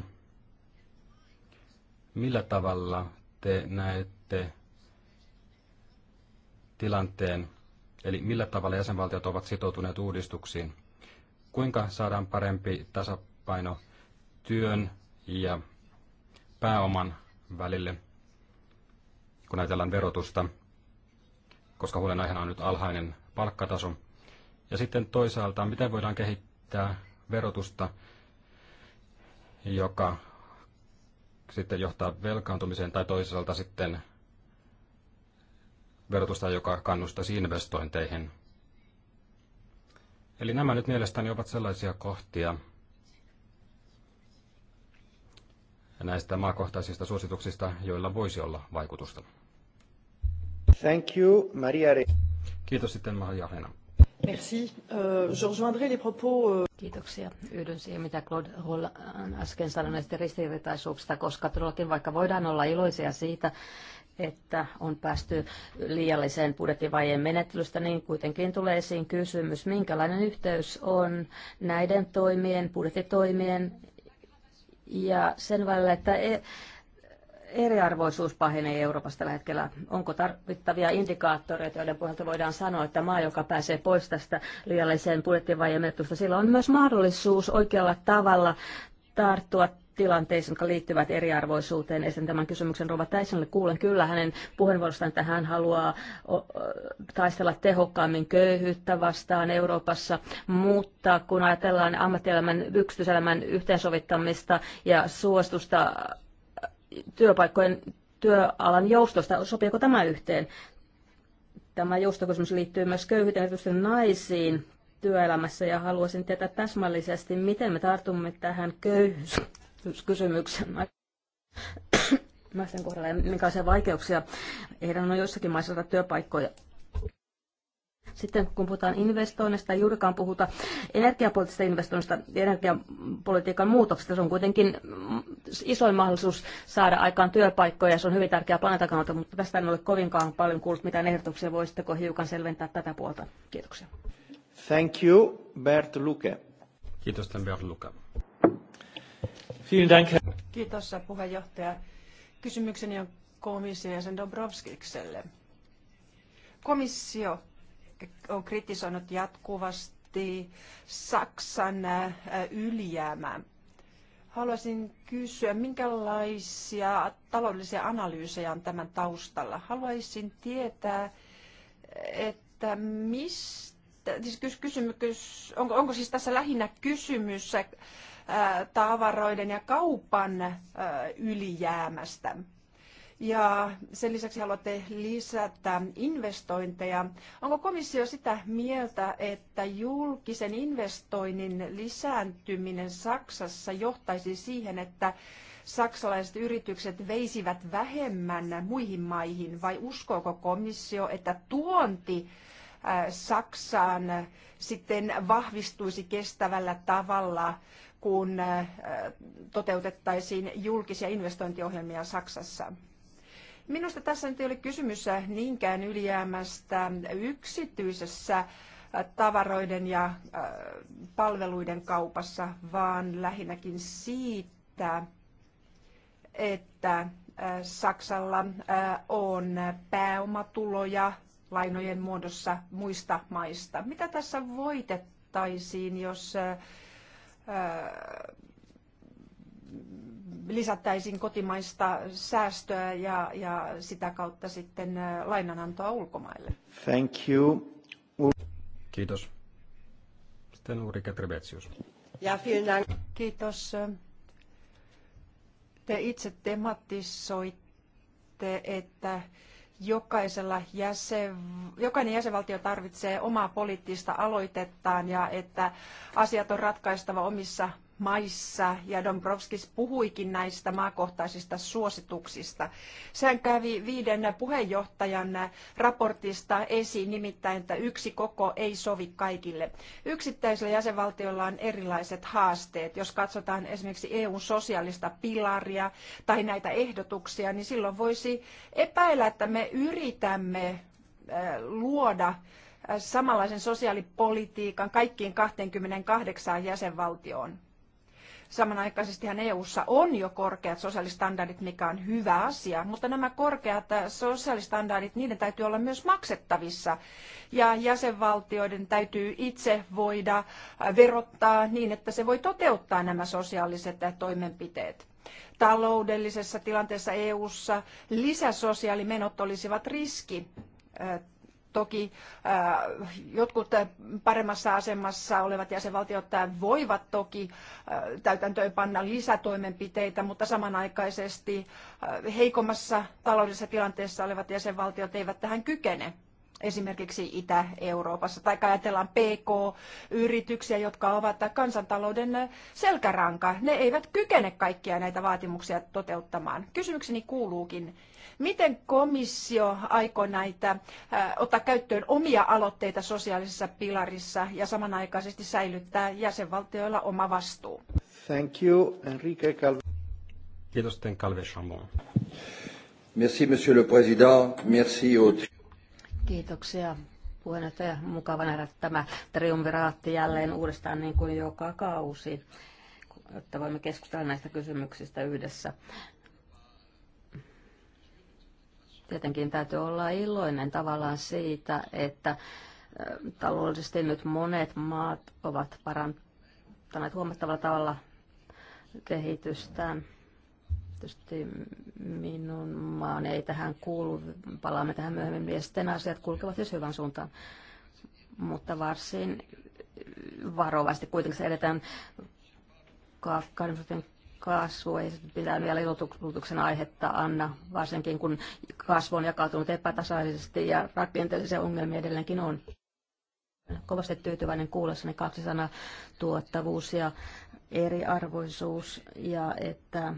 millä tavalla te näette tilanteen, eli millä tavalla jäsenvaltiot ovat sitoutuneet uudistuksiin. Kuinka saadaan parempi tasapaino työn ja pääoman välille, kun ajatellaan verotusta, koska huolenaiheena on nyt alhainen palkkataso. Ja sitten toisaalta, miten voidaan kehittää verotusta, joka sitten johtaa velkaantumiseen, tai toisaalta sitten verotusta, joka kannustaisi investointeihin. Eli nämä nyt mielestäni ovat sellaisia kohtia näistä maakohtaisista suosituksista, joilla voisi olla vaikutusta. Thank you, Maria. Kiitos sitten Maria Helena. Merci. Euh, je rejoindrai les propos... Euh, Kiitoksia. Yhdyn siihen, mitä Claude Holland äsken sanoi näistä ristiriitaisuuksista, koska todellakin vaikka voidaan olla iloisia siitä, että on päästy liialliseen budjettivajeen menettelystä, niin kuitenkin tulee esiin kysymys, minkälainen yhteys on näiden toimien, budjettitoimien ja sen välillä, että e- eriarvoisuus pahenee Euroopassa tällä hetkellä. Onko tarvittavia indikaattoreita, joiden pohjalta voidaan sanoa, että maa, joka pääsee pois tästä liialliseen budjettivajemetusta, sillä on myös mahdollisuus oikealla tavalla tarttua tilanteisiin, jotka liittyvät eriarvoisuuteen. Esitän tämän kysymyksen Rova Täisenlle. Kuulen kyllä hänen puheenvuorostaan, että hän haluaa taistella tehokkaammin köyhyyttä vastaan Euroopassa, mutta kun ajatellaan ammattielämän, yksityiselämän yhteensovittamista ja suostusta työpaikkojen työalan joustosta. Sopiiko tämä yhteen? Tämä joustokysymys liittyy myös köyhyyteen, erityisesti naisiin työelämässä ja haluaisin tietää täsmällisesti, miten me tartumme tähän köyhyyskysymykseen Mä sen kohdalla minkälaisia vaikeuksia heidän on jossakin maissa työpaikkoja sitten kun puhutaan investoinnista, ei juurikaan puhuta energiapoliittisesta investoinnista, energiapolitiikan muutoksesta. Se on kuitenkin isoin mahdollisuus saada aikaan työpaikkoja ja se on hyvin tärkeä planeetan kannalta, mutta tästä en ole kovinkaan paljon kuullut mitään ehdotuksia. Voisitteko hiukan selventää tätä puolta? Kiitoksia. Thank you, Bert Luke. Kiitos, Bert Luke. Kiitos puheenjohtaja. Kysymykseni on komission jäsen Dobrovskikselle. Komissio on kritisoinut jatkuvasti Saksan ylijäämää. Haluaisin kysyä, minkälaisia taloudellisia analyysejä on tämän taustalla? Haluaisin tietää, että mistä, siis kysymys, onko, onko siis tässä lähinnä kysymys tavaroiden ja kaupan ylijäämästä? ja sen lisäksi haluatte lisätä investointeja. Onko komissio sitä mieltä, että julkisen investoinnin lisääntyminen Saksassa johtaisi siihen, että saksalaiset yritykset veisivät vähemmän muihin maihin vai uskooko komissio, että tuonti äh, Saksaan sitten vahvistuisi kestävällä tavalla, kun äh, toteutettaisiin julkisia investointiohjelmia Saksassa? Minusta tässä nyt ei ole kysymys niinkään ylijäämästä yksityisessä äh, tavaroiden ja äh, palveluiden kaupassa, vaan lähinnäkin siitä, että äh, Saksalla on pääomatuloja lainojen muodossa muista maista. Mitä tässä voitettaisiin, jos lisättäisiin kotimaista säästöä ja, ja sitä kautta sitten lainanantoa ulkomaille. Thank you. Kiitos. Sitten Ulrike Trebetsius. Ja vielen Kiitos. Te itse tematisoitte, että jokaisella jäsen, jokainen jäsenvaltio tarvitsee omaa poliittista aloitettaan ja että asiat on ratkaistava omissa maissa, ja Dombrovskis puhuikin näistä maakohtaisista suosituksista. Sehän kävi viiden puheenjohtajan raportista esiin, nimittäin, että yksi koko ei sovi kaikille. Yksittäisillä jäsenvaltioilla on erilaiset haasteet. Jos katsotaan esimerkiksi EUn sosiaalista pilaria tai näitä ehdotuksia, niin silloin voisi epäillä, että me yritämme äh, luoda äh, samanlaisen sosiaalipolitiikan kaikkiin 28 jäsenvaltioon. Samanaikaisestihan EU:ssa on jo korkeat sosiaalistandardit, mikä on hyvä asia, mutta nämä korkeat äh, sosiaalistandardit, niiden täytyy olla myös maksettavissa. Ja jäsenvaltioiden täytyy itse voida äh, verottaa niin, että se voi toteuttaa nämä sosiaaliset äh, toimenpiteet taloudellisessa tilanteessa EU:ssa lisäsosiaalimenot olisivat riski Toki äh, jotkut paremmassa asemassa olevat jäsenvaltiot äh, voivat toki äh, täytäntöönpanna lisätoimenpiteitä, mutta samanaikaisesti heikommassa taloudellisessa tilanteessa olevat jäsenvaltiot eivät tähän kykene esimerkiksi Itä-Euroopassa. Tai ajatellaan PK-yrityksiä, jotka ovat kansantalouden selkäranka. Ne eivät kykene kaikkia näitä vaatimuksia toteuttamaan. Kysymykseni kuuluukin, miten komissio aikoo näitä äh, ottaa käyttöön omia aloitteita sosiaalisessa pilarissa ja samanaikaisesti säilyttää jäsenvaltioilla oma vastuu? Thank you, Enrique Calvi. Kiitos, Calvi Chambon. Merci, monsieur le président. Merci aux... Kiitoksia puheenjohtaja. Mukava nähdä tämä triumviraatti jälleen uudestaan niin kuin joka kausi, jotta voimme keskustella näistä kysymyksistä yhdessä. Tietenkin täytyy olla iloinen tavallaan siitä, että taloudellisesti nyt monet maat ovat parantaneet huomattavalla tavalla kehitystään. Tietysti minun maan ei tähän kuulu, palaamme tähän myöhemmin, miesten asiat kulkevat jos siis hyvän suuntaan. Mutta varsin varovasti kuitenkin se edetään kaakkaan kasvu ei pitää vielä ilotuksen aihetta anna, varsinkin kun kasvu on jakautunut epätasaisesti ja rakenteellisia ongelmia edelleenkin on. Kovasti tyytyväinen kuullessani kaksi sanaa, tuottavuus ja eriarvoisuus ja että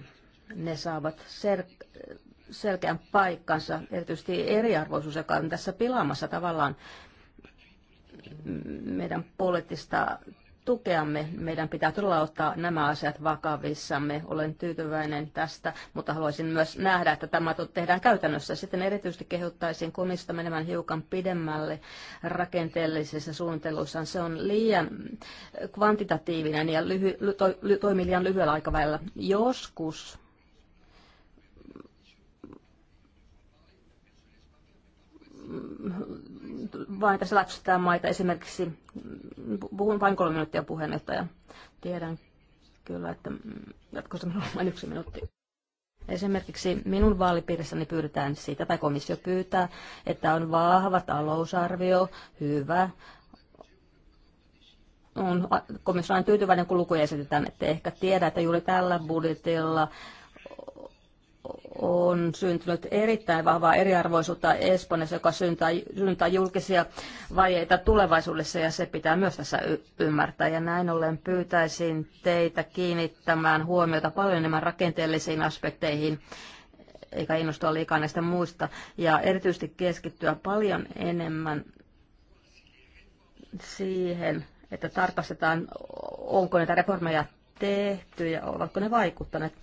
ne saavat sel- selkeän paikkansa, erityisesti eriarvoisuus, joka on tässä pilaamassa tavallaan meidän poliittista tukeamme. Meidän pitää todella ottaa nämä asiat vakavissamme. Olen tyytyväinen tästä, mutta haluaisin myös nähdä, että tämä tehdään käytännössä. Sitten erityisesti kehottaisin komista menemään hiukan pidemmälle rakenteellisessa suunnittelussa. Se on liian kvantitatiivinen ja lyhy, to, to, toimii liian lyhyellä aikavälillä. Joskus vain tässä läksytään maita. Esimerkiksi mm, puhun vain kolme minuuttia puheenjohtaja. Tiedän kyllä, että mm, jatkossa minulla on vain yksi minuutti. Esimerkiksi minun vaalipiirissäni pyydetään sitä, tai komissio pyytää, että on vahva talousarvio, hyvä, on komissio on tyytyväinen, kun lukuja esitetään, että ehkä tiedä, että juuri tällä budjetilla on syntynyt erittäin vahvaa eriarvoisuutta Espanjassa, joka syntää, syntää julkisia vajeita tulevaisuudessa ja se pitää myös tässä ymmärtää. Ja näin ollen pyytäisin teitä kiinnittämään huomiota paljon enemmän rakenteellisiin aspekteihin eikä innostua liikaa näistä muista ja erityisesti keskittyä paljon enemmän siihen, että tarkastetaan, onko näitä reformeja tehty ja ovatko ne vaikuttaneet.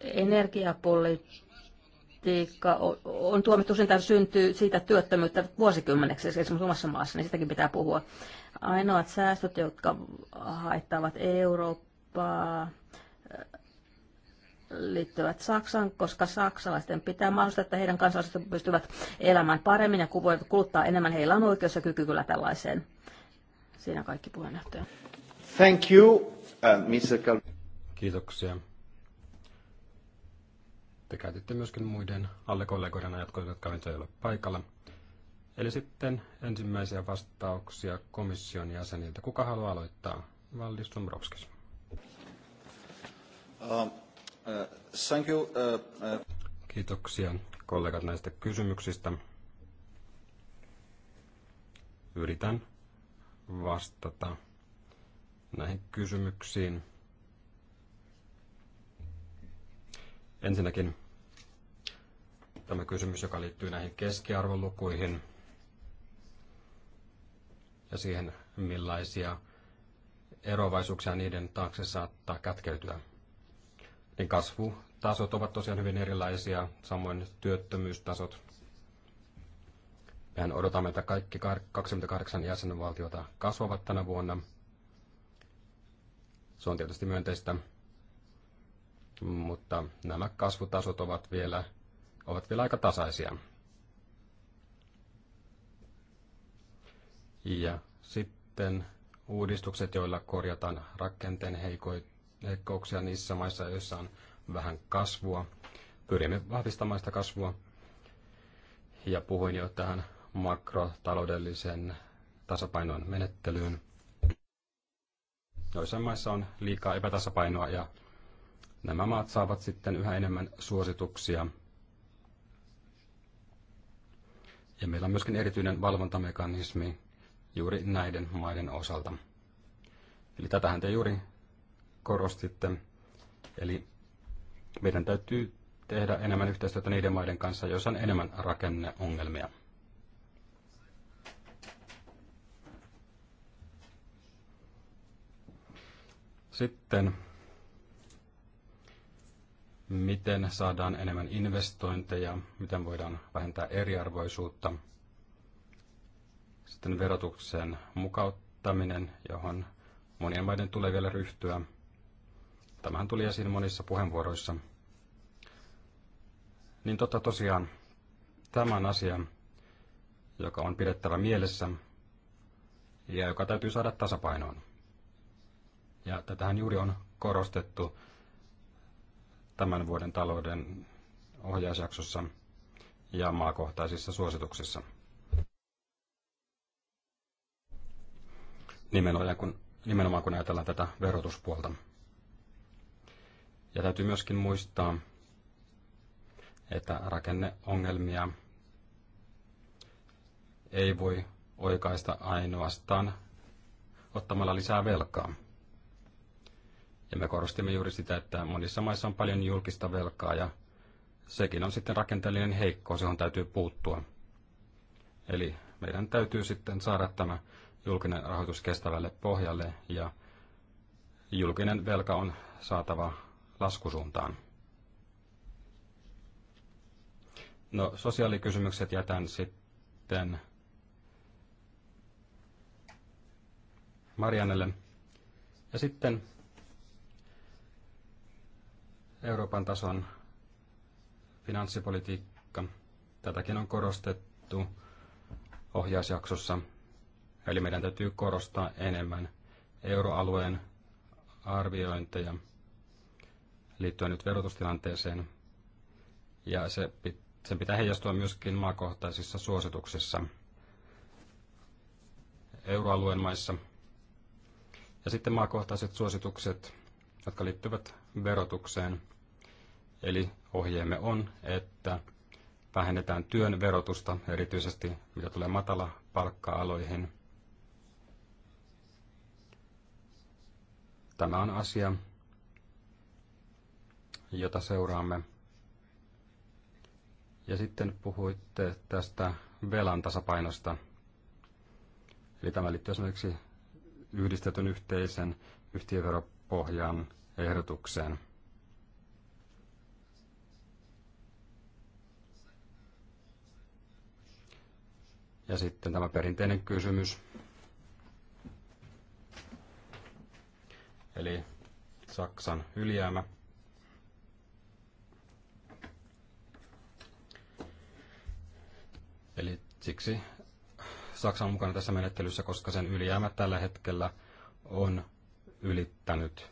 energiapolitiikka on tuomittu sen, että syntyy siitä työttömyyttä vuosikymmeneksi, esimerkiksi omassa maassa, niin sitäkin pitää puhua. Ainoat säästöt, jotka haittavat Eurooppaa, äh, liittyvät Saksaan, koska saksalaisten pitää mahdollistaa, että heidän kansalaisensa pystyvät elämään paremmin ja voivat kuluttaa enemmän, heillä on oikeus ja kyky kyllä tällaiseen. Siinä kaikki puheenjohtaja. Thank you, uh, Mr. Kiitoksia te käytitte myöskin muiden alle kollegoiden ajat, jotka nyt ole paikalla. Eli sitten ensimmäisiä vastauksia komission jäseniltä. Kuka haluaa aloittaa? Valdis Dombrovskis. Uh, uh, thank you. Uh, uh. Kiitoksia kollegat näistä kysymyksistä. Yritän vastata näihin kysymyksiin. Ensinnäkin tämä kysymys, joka liittyy näihin keskiarvolukuihin ja siihen, millaisia eroavaisuuksia niiden taakse saattaa kätkeytyä. Niin kasvutasot ovat tosiaan hyvin erilaisia, samoin työttömyystasot. Mehän odotamme, että kaikki 28 jäsenvaltiota kasvavat tänä vuonna. Se on tietysti myönteistä, mutta nämä kasvutasot ovat vielä, ovat vielä aika tasaisia. Ja sitten uudistukset, joilla korjataan rakenteen heikkouksia niissä maissa, joissa on vähän kasvua. Pyrimme vahvistamaan sitä kasvua. Ja puhuin jo tähän makrotaloudellisen tasapainon menettelyyn. Joissain maissa on liikaa epätasapainoa ja nämä maat saavat sitten yhä enemmän suosituksia. Ja meillä on myöskin erityinen valvontamekanismi juuri näiden maiden osalta. Eli tätähän te juuri korostitte. Eli meidän täytyy tehdä enemmän yhteistyötä niiden maiden kanssa, joissa on enemmän rakenneongelmia. Sitten miten saadaan enemmän investointeja, miten voidaan vähentää eriarvoisuutta. Sitten verotuksen mukauttaminen, johon monien maiden tulee vielä ryhtyä. Tämähän tuli esiin monissa puheenvuoroissa. Niin totta tosiaan, tämä asian, asia, joka on pidettävä mielessä ja joka täytyy saada tasapainoon. Ja tätähän juuri on korostettu tämän vuoden talouden ohjausjaksossa ja maakohtaisissa suosituksissa. Nimenomaan kun, nimenomaan kun ajatellaan tätä verotuspuolta. Ja täytyy myöskin muistaa, että rakenneongelmia ei voi oikaista ainoastaan ottamalla lisää velkaa. Ja me korostimme juuri sitä, että monissa maissa on paljon julkista velkaa ja sekin on sitten rakenteellinen heikko, johon täytyy puuttua. Eli meidän täytyy sitten saada tämä julkinen rahoitus kestävälle pohjalle ja julkinen velka on saatava laskusuuntaan. No, sosiaalikysymykset jätän sitten Mariannelle. Ja sitten Euroopan tason finanssipolitiikka. Tätäkin on korostettu ohjausjaksossa. Eli meidän täytyy korostaa enemmän euroalueen arviointeja liittyen nyt verotustilanteeseen. Ja se, sen pitää heijastua myöskin maakohtaisissa suosituksissa euroalueen maissa. Ja sitten maakohtaiset suositukset, jotka liittyvät verotukseen. Eli ohjeemme on, että vähennetään työn verotusta, erityisesti mitä tulee matala palkka-aloihin. Tämä on asia, jota seuraamme. Ja sitten puhuitte tästä velan tasapainosta. Eli tämä liittyy esimerkiksi yhdistetyn yhteisen yhtiöveropohjan ehdotukseen. Ja sitten tämä perinteinen kysymys. Eli Saksan ylijäämä. Eli siksi Saksa on mukana tässä menettelyssä, koska sen ylijäämä tällä hetkellä on ylittänyt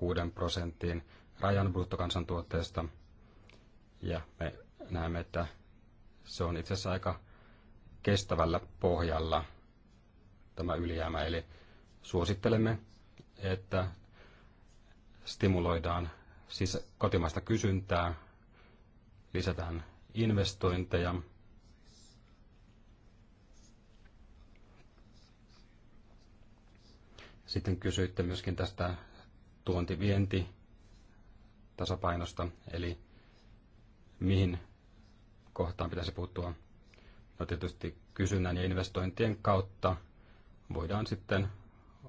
6 prosenttiin rajan bruttokansantuotteesta. Ja me näemme, että se on itse asiassa aika kestävällä pohjalla tämä ylijäämä. Eli suosittelemme, että stimuloidaan siis kotimaista kysyntää, lisätään investointeja, Sitten kysyitte myöskin tästä tuonti-vienti tasapainosta, eli mihin kohtaan pitäisi puuttua. No tietysti kysynnän ja investointien kautta voidaan sitten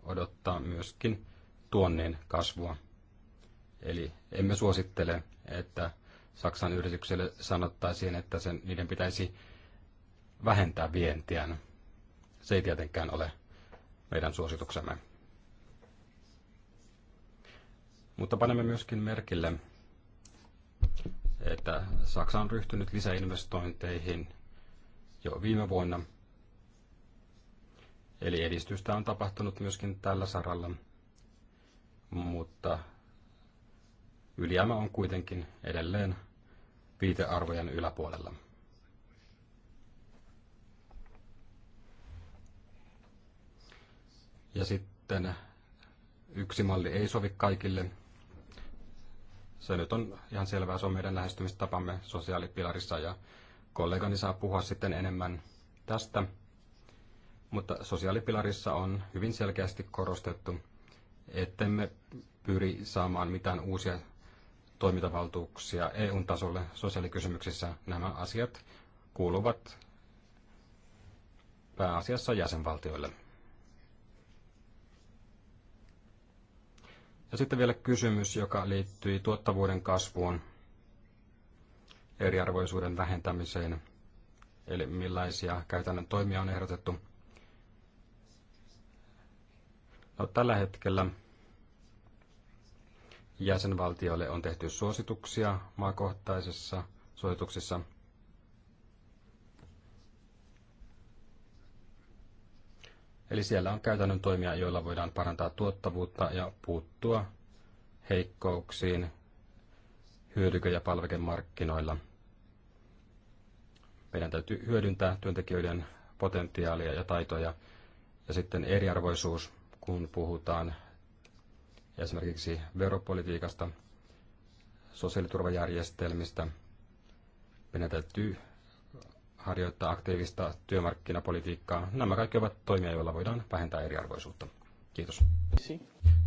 odottaa myöskin tuonnin kasvua. Eli emme suosittele, että Saksan yritykselle sanottaisiin, että sen, niiden pitäisi vähentää vientiään. Se ei tietenkään ole meidän suosituksemme. Mutta panemme myöskin merkille, että Saksa on ryhtynyt lisäinvestointeihin jo viime vuonna. Eli edistystä on tapahtunut myöskin tällä saralla, mutta ylijäämä on kuitenkin edelleen viitearvojen yläpuolella. Ja sitten yksi malli ei sovi kaikille, se nyt on ihan selvää, se on meidän lähestymistapamme sosiaalipilarissa ja kollegani saa puhua sitten enemmän tästä. Mutta sosiaalipilarissa on hyvin selkeästi korostettu, ettemme pyri saamaan mitään uusia toimintavaltuuksia eu tasolle sosiaalikysymyksissä. Nämä asiat kuuluvat pääasiassa jäsenvaltioille. Ja sitten vielä kysymys, joka liittyy tuottavuuden kasvuun, eriarvoisuuden vähentämiseen, eli millaisia käytännön toimia on ehdotettu. No, tällä hetkellä jäsenvaltioille on tehty suosituksia maakohtaisissa suosituksissa – Eli siellä on käytännön toimia, joilla voidaan parantaa tuottavuutta ja puuttua heikkouksiin hyödykö- ja palvekemarkkinoilla. Meidän täytyy hyödyntää työntekijöiden potentiaalia ja taitoja. Ja sitten eriarvoisuus, kun puhutaan esimerkiksi veropolitiikasta, sosiaaliturvajärjestelmistä. Meidän täytyy harjoittaa aktiivista työmarkkinapolitiikkaa. Nämä kaikki ovat toimia, joilla voidaan vähentää eriarvoisuutta. Kiitos.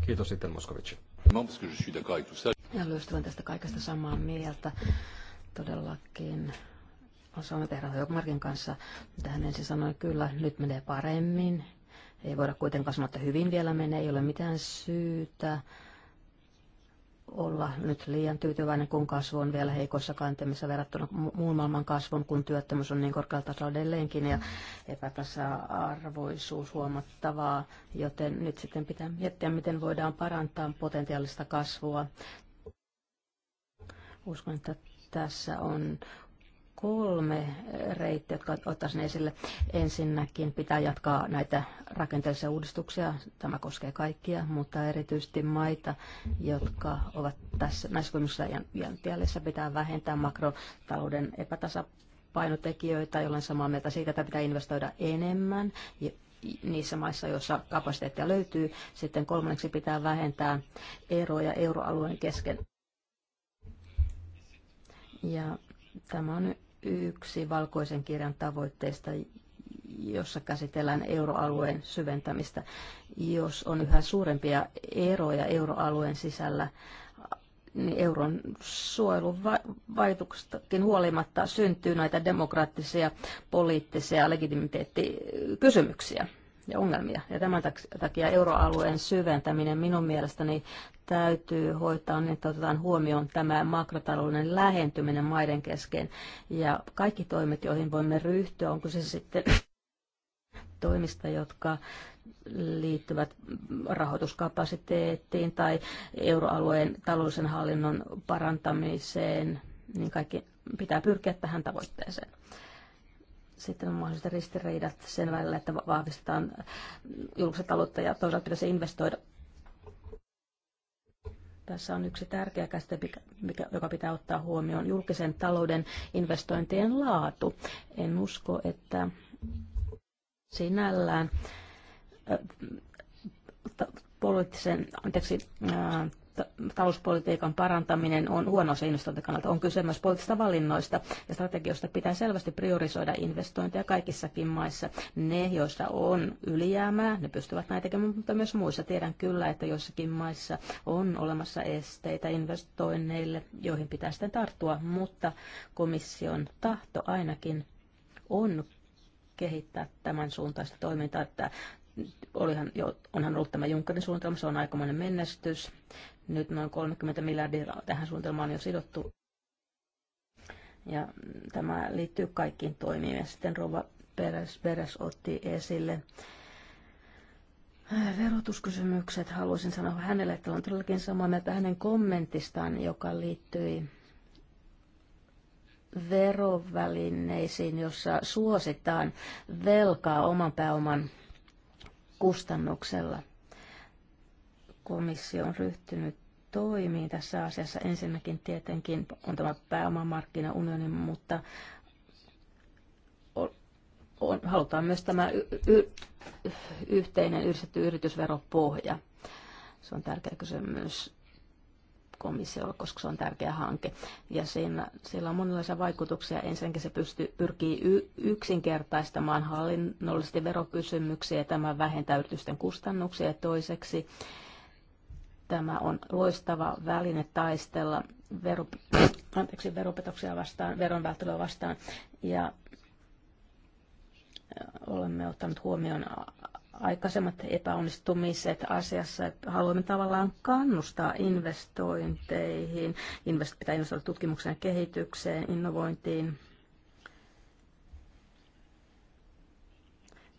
Kiitos sitten Moskovic. Ja lyhyesti tästä kaikesta samaa mieltä. Todellakin osaamme tehdä Hökmarkin kanssa, mitä hän ensin sanoi, kyllä nyt menee paremmin. Ei voida kuitenkaan sanoa, että hyvin vielä menee, ei ole mitään syytä olla nyt liian tyytyväinen, kun kasvu on vielä heikossa kantemissa verrattuna muun maailman kasvun, kun työttömyys on niin korkealla tasolla edelleenkin ja epätasa-arvoisuus huomattavaa, joten nyt sitten pitää miettiä, miten voidaan parantaa potentiaalista kasvua. Uskon, että tässä on kolme reittiä, jotka ottaisin esille. Ensinnäkin pitää jatkaa näitä rakenteellisia uudistuksia. Tämä koskee kaikkia, mutta erityisesti maita, jotka ovat tässä näissä kysymyksissä jäljessä. Pitää vähentää makrotalouden epätasapainotekijöitä, jolloin samaa mieltä siitä, että pitää investoida enemmän niissä maissa, joissa kapasiteettia löytyy. Sitten kolmanneksi pitää vähentää eroja euroalueen kesken. Ja tämä on yksi valkoisen kirjan tavoitteista, jossa käsitellään euroalueen syventämistä. Jos on yhä suurempia eroja euroalueen sisällä, niin euron suojelun vaikutuksestakin huolimatta syntyy näitä demokraattisia, poliittisia legitimiteettikysymyksiä ja ongelmia. Ja tämän takia euroalueen syventäminen minun mielestäni täytyy hoitaa niin, että otetaan huomioon tämä makrotalouden lähentyminen maiden kesken. Ja kaikki toimet, joihin voimme ryhtyä, onko se sitten [COUGHS] toimista, jotka liittyvät rahoituskapasiteettiin tai euroalueen taloudellisen hallinnon parantamiseen, niin kaikki pitää pyrkiä tähän tavoitteeseen sitten on mahdolliset ristiriidat sen välillä, että vahvistetaan julkista taloutta ja toisaalta pitäisi investoida. Tässä on yksi tärkeä käsite, mikä, joka pitää ottaa huomioon, julkisen talouden investointien laatu. En usko, että sinällään poliittisen, anteeksi, talouspolitiikan parantaminen on huono se kannalta. On kyse myös poliittisista valinnoista ja strategioista pitää selvästi priorisoida investointeja kaikissakin maissa. Ne, joissa on ylijäämää, ne pystyvät näitä tekemään, mutta myös muissa. Tiedän kyllä, että joissakin maissa on olemassa esteitä investoinneille, joihin pitää sitten tarttua, mutta komission tahto ainakin on kehittää tämän suuntaista toimintaa, että Olihan, jo, onhan ollut tämä Junckerin suunnitelma, se on aikamoinen menestys. Nyt noin 30 miljardia tähän suunnitelmaan on jo sidottu. Ja tämä liittyy kaikkiin toimiin. Ja sitten Rova Peres, Peres otti esille verotuskysymykset. Haluaisin sanoa hänelle, että on todellakin samaa mieltä hänen kommentistaan, joka liittyi verovälineisiin, jossa suositaan velkaa oman pääoman kustannuksella. Komissio on ryhtynyt toimiin tässä asiassa. Ensinnäkin tietenkin on tämä pääomamarkkinaunioni, mutta on, on, halutaan myös tämä y, y, yhteinen yhdistetty yritysveropohja. Se on tärkeä kysymys komissiolla, koska se on tärkeä hanke. Ja siinä, siellä on monenlaisia vaikutuksia. Ensinnäkin se pystyy, pyrkii y- yksinkertaistamaan hallinnollisesti verokysymyksiä ja tämä vähentää yritysten kustannuksia. Ja toiseksi tämä on loistava väline taistella vero, [CLEARS THROAT] anteeksi, veropetoksia vastaan, veronvälttelyä vastaan. Ja olemme ottaneet huomioon aikaisemmat epäonnistumiset asiassa, että haluamme tavallaan kannustaa investointeihin, invest- pitää investoida tutkimukseen ja kehitykseen, innovointiin,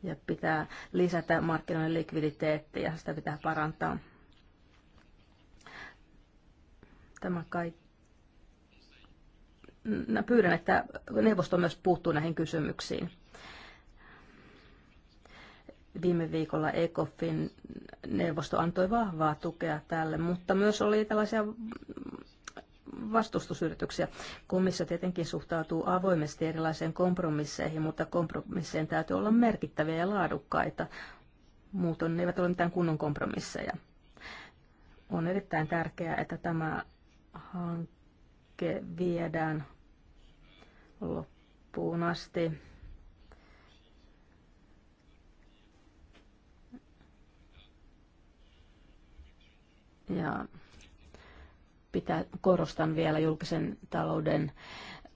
ja pitää lisätä markkinoiden likviditeettiä, sitä pitää parantaa. Tämä kaikki. pyydän, että neuvosto myös puuttuu näihin kysymyksiin. Viime viikolla ECOFin neuvosto antoi vahvaa tukea tälle, mutta myös oli tällaisia vastustusyrityksiä. Komissio tietenkin suhtautuu avoimesti erilaisiin kompromisseihin, mutta kompromissien täytyy olla merkittäviä ja laadukkaita. Muuten ne eivät ole mitään kunnon kompromisseja. On erittäin tärkeää, että tämä hanke viedään loppuun asti Ja pitää, korostan vielä julkisen talouden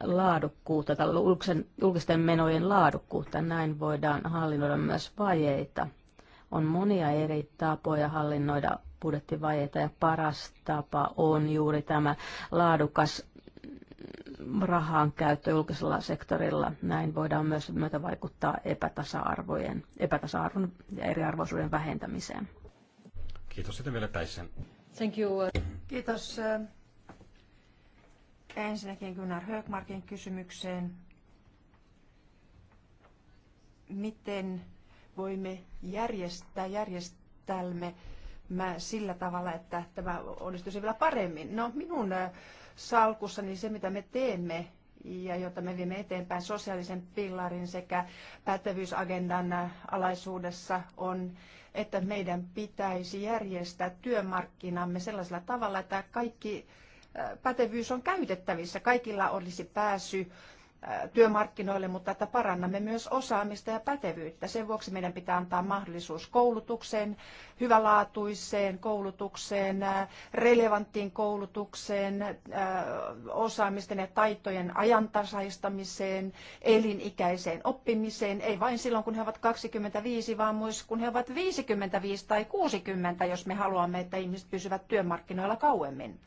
laadukkuutta, tai julkisen, julkisten menojen laadukkuutta. Näin voidaan hallinnoida myös vajeita. On monia eri tapoja hallinnoida budjettivajeita ja paras tapa on juuri tämä laadukas rahan käyttö julkisella sektorilla. Näin voidaan myös myötä vaikuttaa epätasa-arvojen, epätasa-arvon ja eriarvoisuuden vähentämiseen. Kiitos sitten vielä Täisen. Thank you. Kiitos. Ensinnäkin Gunnar Högmarkin kysymykseen. Miten voimme järjestää järjestelmä mä sillä tavalla, että tämä onnistuisi vielä paremmin? No minun äh, salkussani se, mitä me teemme ja jota me viemme eteenpäin sosiaalisen pilarin sekä pätevyysagendan äh, alaisuudessa on että meidän pitäisi järjestää työmarkkinamme sellaisella tavalla, että kaikki äh, pätevyys on käytettävissä. Kaikilla olisi pääsy työmarkkinoille, mutta että parannamme myös osaamista ja pätevyyttä. Sen vuoksi meidän pitää antaa mahdollisuus koulutukseen, hyvälaatuiseen koulutukseen, relevanttiin koulutukseen, osaamisten ja taitojen ajantasaistamiseen, elinikäiseen oppimiseen, ei vain silloin kun he ovat 25, vaan myös kun he ovat 55 tai 60, jos me haluamme, että ihmiset pysyvät työmarkkinoilla kauemmin.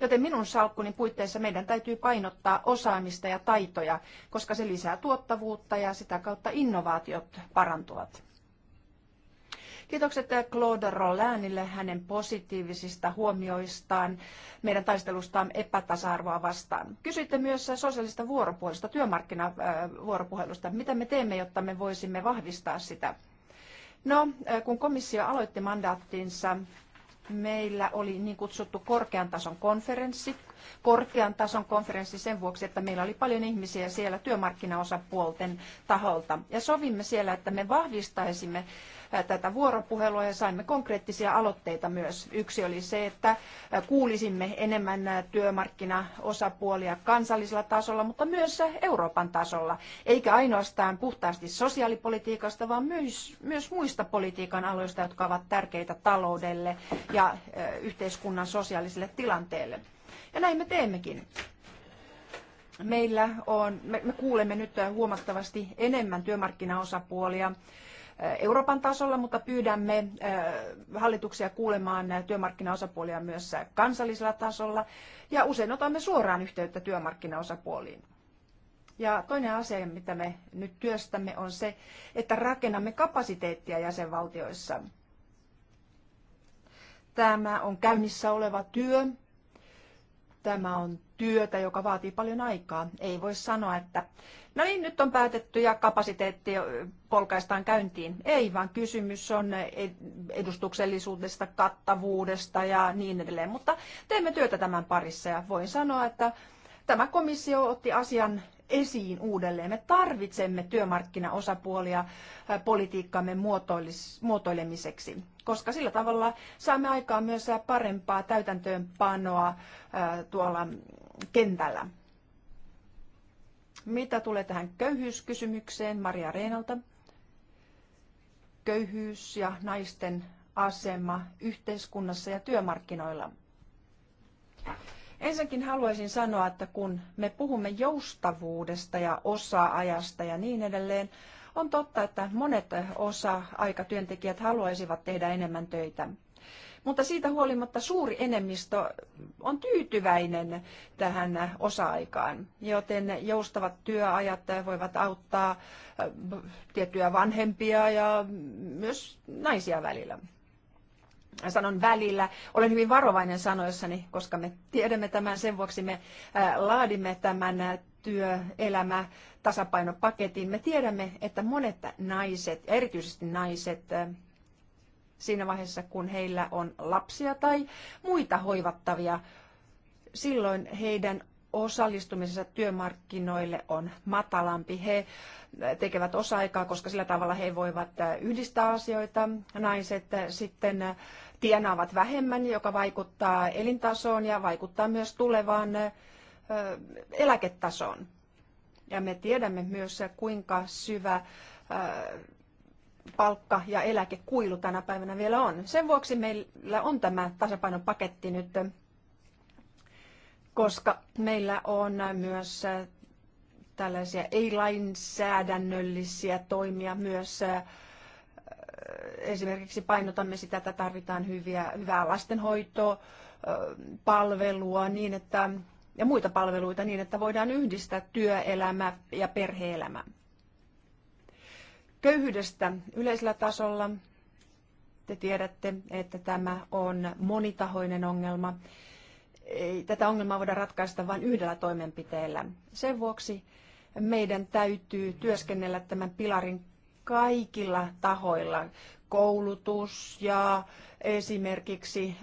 Joten minun salkkuni puitteissa meidän täytyy painottaa osaamista ja taitoja, koska se lisää tuottavuutta ja sitä kautta innovaatiot parantuvat. Kiitokset Claude Rollinille hänen positiivisista huomioistaan meidän taistelustaan epätasa-arvoa vastaan. Kysyitte myös sosiaalista vuoropuhelusta, työmarkkinavuoropuhelusta. Mitä me teemme, jotta me voisimme vahvistaa sitä? No, kun komissio aloitti mandaattinsa meillä oli niin kutsuttu korkean tason konferenssi. Korkean tason konferenssi sen vuoksi, että meillä oli paljon ihmisiä siellä työmarkkinaosapuolten taholta. Ja sovimme siellä, että me vahvistaisimme tätä vuoropuhelua ja saimme konkreettisia aloitteita myös. Yksi oli se, että kuulisimme enemmän työmarkkinaosapuolia kansallisella tasolla, mutta myös Euroopan tasolla, eikä ainoastaan puhtaasti sosiaalipolitiikasta, vaan myös, myös muista politiikan aloista, jotka ovat tärkeitä taloudelle ja yhteiskunnan sosiaaliselle tilanteelle. Ja näin me teemmekin. Meillä on, me, me kuulemme nyt huomattavasti enemmän työmarkkinaosapuolia Euroopan tasolla, mutta pyydämme äh, hallituksia kuulemaan työmarkkinaosapuolia myös kansallisella tasolla ja usein otamme suoraan yhteyttä työmarkkinaosapuoliin. Ja toinen asia, mitä me nyt työstämme, on se, että rakennamme kapasiteettia jäsenvaltioissa. Tämä on käynnissä oleva työ. Tämä on työtä, joka vaatii paljon aikaa. Ei voi sanoa, että no niin, nyt on päätetty ja kapasiteetti polkaistaan käyntiin. Ei, vaan kysymys on edustuksellisuudesta, kattavuudesta ja niin edelleen. Mutta teemme työtä tämän parissa ja voin sanoa, että tämä komissio otti asian esiin uudelleen. Me tarvitsemme työmarkkinaosapuolia politiikkamme muotoilemiseksi, koska sillä tavalla saamme aikaan myös parempaa täytäntöönpanoa tuolla kentällä. Mitä tulee tähän köyhyyskysymykseen Maria Reenalta? Köyhyys ja naisten asema yhteiskunnassa ja työmarkkinoilla. Ensinnäkin haluaisin sanoa, että kun me puhumme joustavuudesta ja osa-ajasta ja niin edelleen, on totta, että monet osa-aikatyöntekijät haluaisivat tehdä enemmän töitä. Mutta siitä huolimatta suuri enemmistö on tyytyväinen tähän osa-aikaan, joten joustavat työajat voivat auttaa äh, tiettyjä vanhempia ja myös naisia välillä sanon välillä. Olen hyvin varovainen sanoissani, koska me tiedämme tämän, sen vuoksi me äh, laadimme tämän työelämä tasapainopaketin. Me tiedämme, että monet naiset, ja erityisesti naiset, äh, siinä vaiheessa, kun heillä on lapsia tai muita hoivattavia. Silloin heidän osallistumisensa työmarkkinoille on matalampi. He tekevät osa-aikaa, koska sillä tavalla he voivat äh, yhdistää asioita. Naiset äh, sitten äh, tienaavat vähemmän, joka vaikuttaa elintasoon ja vaikuttaa myös tulevaan eläketasoon. Ja me tiedämme myös, kuinka syvä palkka- ja eläkekuilu tänä päivänä vielä on. Sen vuoksi meillä on tämä tasapainopaketti nyt, koska meillä on myös äh, tällaisia ei-lainsäädännöllisiä toimia myös äh, esimerkiksi painotamme sitä, että tarvitaan hyviä, hyvää lastenhoitoa, äh, palvelua niin, että, ja muita palveluita niin, että voidaan yhdistää työelämä ja perheelämä. Köyhyydestä yleisellä tasolla te tiedätte, että tämä on monitahoinen ongelma. Ei tätä ongelmaa voida ratkaista vain yhdellä toimenpiteellä. Sen vuoksi meidän täytyy työskennellä tämän pilarin kaikilla tahoilla. Koulutus ja esimerkiksi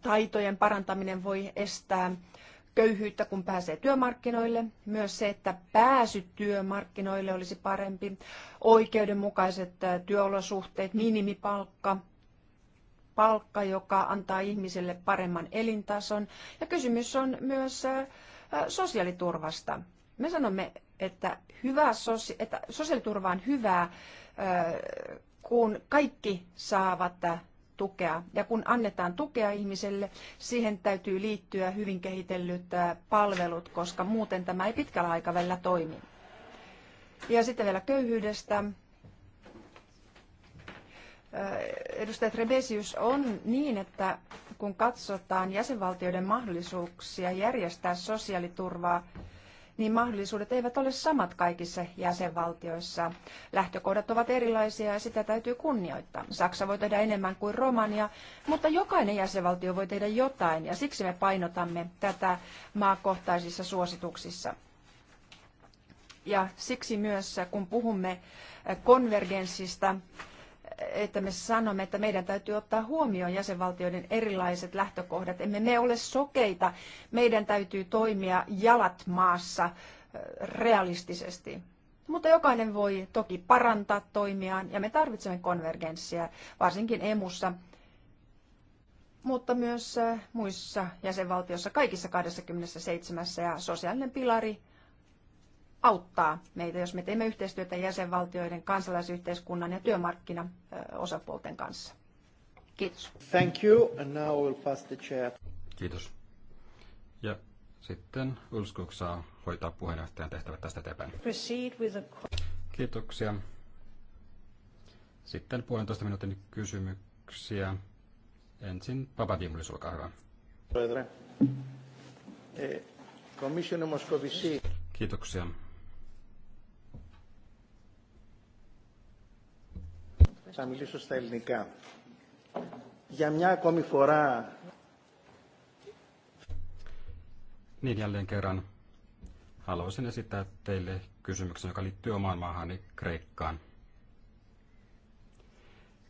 taitojen parantaminen voi estää köyhyyttä, kun pääsee työmarkkinoille. Myös se, että pääsy työmarkkinoille olisi parempi. Oikeudenmukaiset äh, työolosuhteet, minimipalkka, palkka, joka antaa ihmiselle paremman elintason. Ja kysymys on myös äh, sosiaaliturvasta. Me sanomme, että, hyvä sosia- että sosiaaliturva on hyvää, äh, kun kaikki saavat tukea. Ja kun annetaan tukea ihmiselle, siihen täytyy liittyä hyvin kehitellyt palvelut, koska muuten tämä ei pitkällä aikavälillä toimi. Ja sitten vielä köyhyydestä. Edustaja Trebesius, on niin, että kun katsotaan jäsenvaltioiden mahdollisuuksia järjestää sosiaaliturvaa, niin mahdollisuudet eivät ole samat kaikissa jäsenvaltioissa. Lähtökohdat ovat erilaisia ja sitä täytyy kunnioittaa. Saksa voi tehdä enemmän kuin Romania, mutta jokainen jäsenvaltio voi tehdä jotain ja siksi me painotamme tätä maakohtaisissa suosituksissa. Ja siksi myös, kun puhumme konvergenssista, että me sanomme, että meidän täytyy ottaa huomioon jäsenvaltioiden erilaiset lähtökohdat. Emme me ole sokeita. Meidän täytyy toimia jalat maassa realistisesti. Mutta jokainen voi toki parantaa toimiaan ja me tarvitsemme konvergenssia, varsinkin emussa, mutta myös muissa jäsenvaltioissa, kaikissa 27 ja sosiaalinen pilari – auttaa meitä, jos me teemme yhteistyötä jäsenvaltioiden, kansalaisyhteiskunnan ja työmarkkinaosapuolten kanssa. Kiitos. Thank you, and now we'll pass the chair. Kiitos. Ja sitten Ulskuk saa hoitaa puheenjohtajan tehtävät tästä eteenpäin. Proceed with a... Kiitoksia. Sitten puolentoista minuutin kysymyksiä. Ensin Papadimulis, olkaa hyvä. Eh, Kiitoksia. θα μιλήσω στα ελληνικά. Για μια ακόμη φορά... Niin jälleen kerran haluaisin esittää teille kysymyksen, joka liittyy omaan maahani Kreikkaan.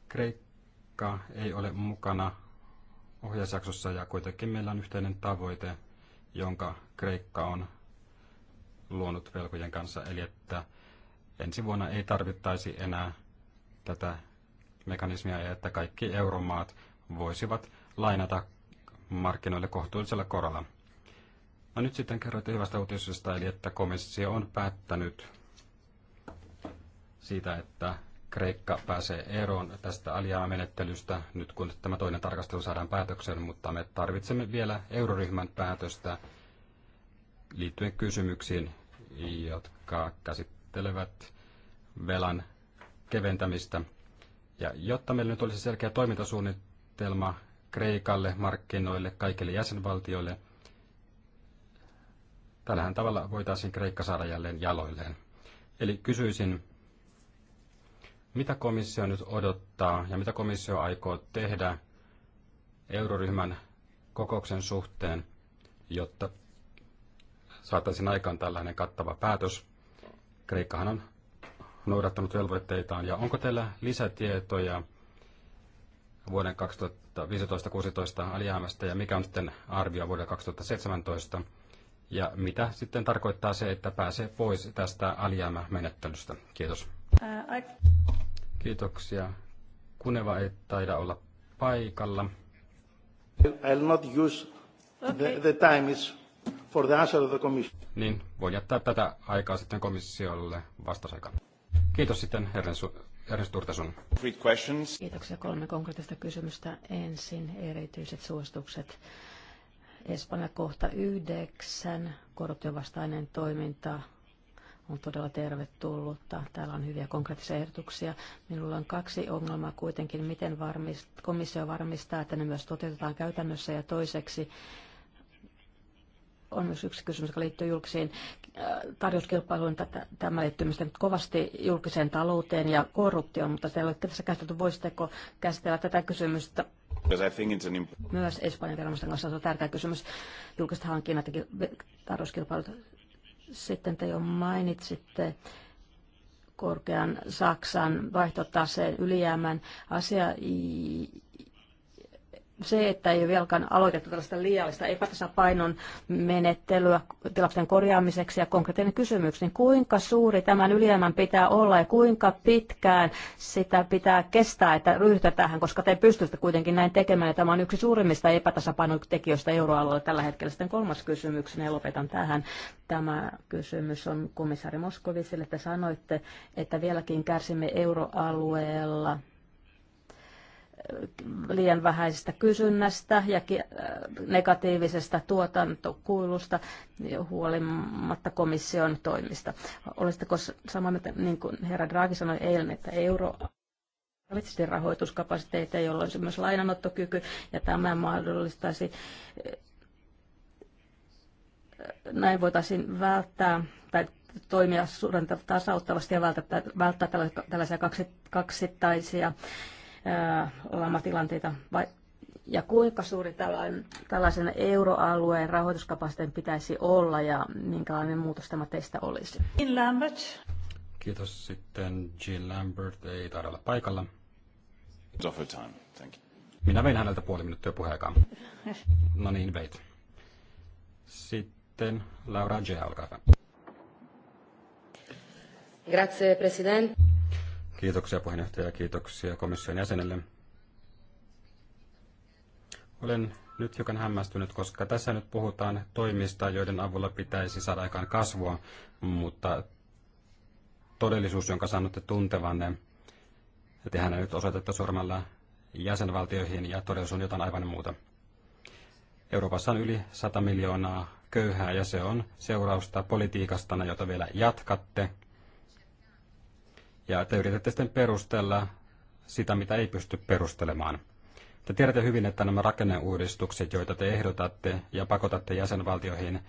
Kreikka ei ole mukana ohjausjaksossa ja kuitenkin meillä on yhteinen tavoite, jonka Kreikka on luonut velkojen kanssa, eli että ensi vuonna ei tarvittaisi enää tätä mekanismia ja että kaikki euromaat voisivat lainata markkinoille kohtuullisella korolla. No nyt sitten kerroitte hyvästä uutisesta, eli että komissio on päättänyt siitä, että Kreikka pääsee eroon tästä alijäämämenettelystä nyt kun tämä toinen tarkastelu saadaan päätökseen, mutta me tarvitsemme vielä euroryhmän päätöstä liittyen kysymyksiin, jotka käsittelevät velan keventämistä. Ja jotta meillä nyt olisi selkeä toimintasuunnitelma Kreikalle, markkinoille, kaikille jäsenvaltioille, tällähän tavalla voitaisiin Kreikka saada jälleen jaloilleen. Eli kysyisin, mitä komissio nyt odottaa ja mitä komissio aikoo tehdä euroryhmän kokouksen suhteen, jotta saataisiin aikaan tällainen kattava päätös. Kreikkahan on noudattanut velvoitteitaan ja onko teillä lisätietoja vuoden 2015-2016 alijäämästä ja mikä on sitten arvio vuoden 2017 ja mitä sitten tarkoittaa se, että pääsee pois tästä alijäämämenettelystä? Kiitos. Kiitoksia. Kuneva ei taida olla paikalla. I'll not use the, the time is for the answer of the commission. Niin, voin jättää tätä aikaa sitten komissiolle vastasaikaan. Kiitos sitten, Ernst Turtasun. Kiitoksia. Kolme konkreettista kysymystä. Ensin erityiset suositukset. Espanja kohta yhdeksän. Korruptiovastainen toiminta on todella tervetullutta. Täällä on hyviä konkreettisia ehdotuksia. Minulla on kaksi ongelmaa kuitenkin. Miten varmist, komissio varmistaa, että ne myös toteutetaan käytännössä ja toiseksi, on myös yksi kysymys, joka liittyy julkisiin äh, tarjouskilpailuun. Tämä liittyy myös kovasti julkiseen talouteen ja korruptioon, mutta se ei ole tässä käsitelty. Voisitteko käsitellä tätä kysymystä? Myös Espanjan viranomaisten kanssa on tärkeä kysymys. Julkista hankinnat ja tarjouskilpailut. Sitten te jo mainitsitte korkean Saksan vaihtotaseen ylijäämän asia, se, että ei ole vieläkään aloitettu tällaista liiallista epätasapainon menettelyä tilasten korjaamiseksi ja konkreettinen kysymys, niin kuinka suuri tämän ylijäämän pitää olla ja kuinka pitkään sitä pitää kestää, että ryhtyä tähän, koska te pystytte kuitenkin näin tekemään ja tämä on yksi suurimmista tekijöistä euroalueella tällä hetkellä. Sitten kolmas kysymys, ja lopetan tähän. Tämä kysymys on komissaari Moskovisille. että sanoitte, että vieläkin kärsimme euroalueella liian vähäisestä kysynnästä ja äh, negatiivisesta tuotantokuilusta huolimatta komission toimista. Olisitteko samaa mieltä, niin kuin herra Draghi sanoi eilen, että euro tarvitsisi rahoituskapasiteetteja, jolloin se myös lainanottokyky, ja tämä mahdollistaisi, äh, näin voitaisiin välttää tai toimia suhdanta tasauttavasti ja välttää, välttää tällaisia kaksittaisia lamatilanteita vai, ja kuinka suuri tällainen, tällaisen euroalueen rahoituskapasiteetin pitäisi olla ja minkälainen muutos tämä teistä olisi? Jean Lambert. Kiitos sitten Jean Lambert, ei taida olla paikalla. Time. Thank you. Minä vein häneltä puoli minuuttia puheaikaa. No niin, veit. Sitten Laura J. alkaa. Grazie, Presidente. Kiitoksia puheenjohtaja ja kiitoksia komission jäsenelle. Olen nyt hiukan hämmästynyt, koska tässä nyt puhutaan toimista, joiden avulla pitäisi saada aikaan kasvua, mutta todellisuus, jonka sanotte tuntevanne, ja tehän nyt osoitetta sormella jäsenvaltioihin ja todellisuus on jotain aivan muuta. Euroopassa on yli 100 miljoonaa köyhää ja se on seurausta politiikastana, jota vielä jatkatte ja te yritätte sitten perustella sitä, mitä ei pysty perustelemaan. Te tiedätte hyvin, että nämä rakenneuudistukset, joita te ehdotatte ja pakotatte jäsenvaltioihin,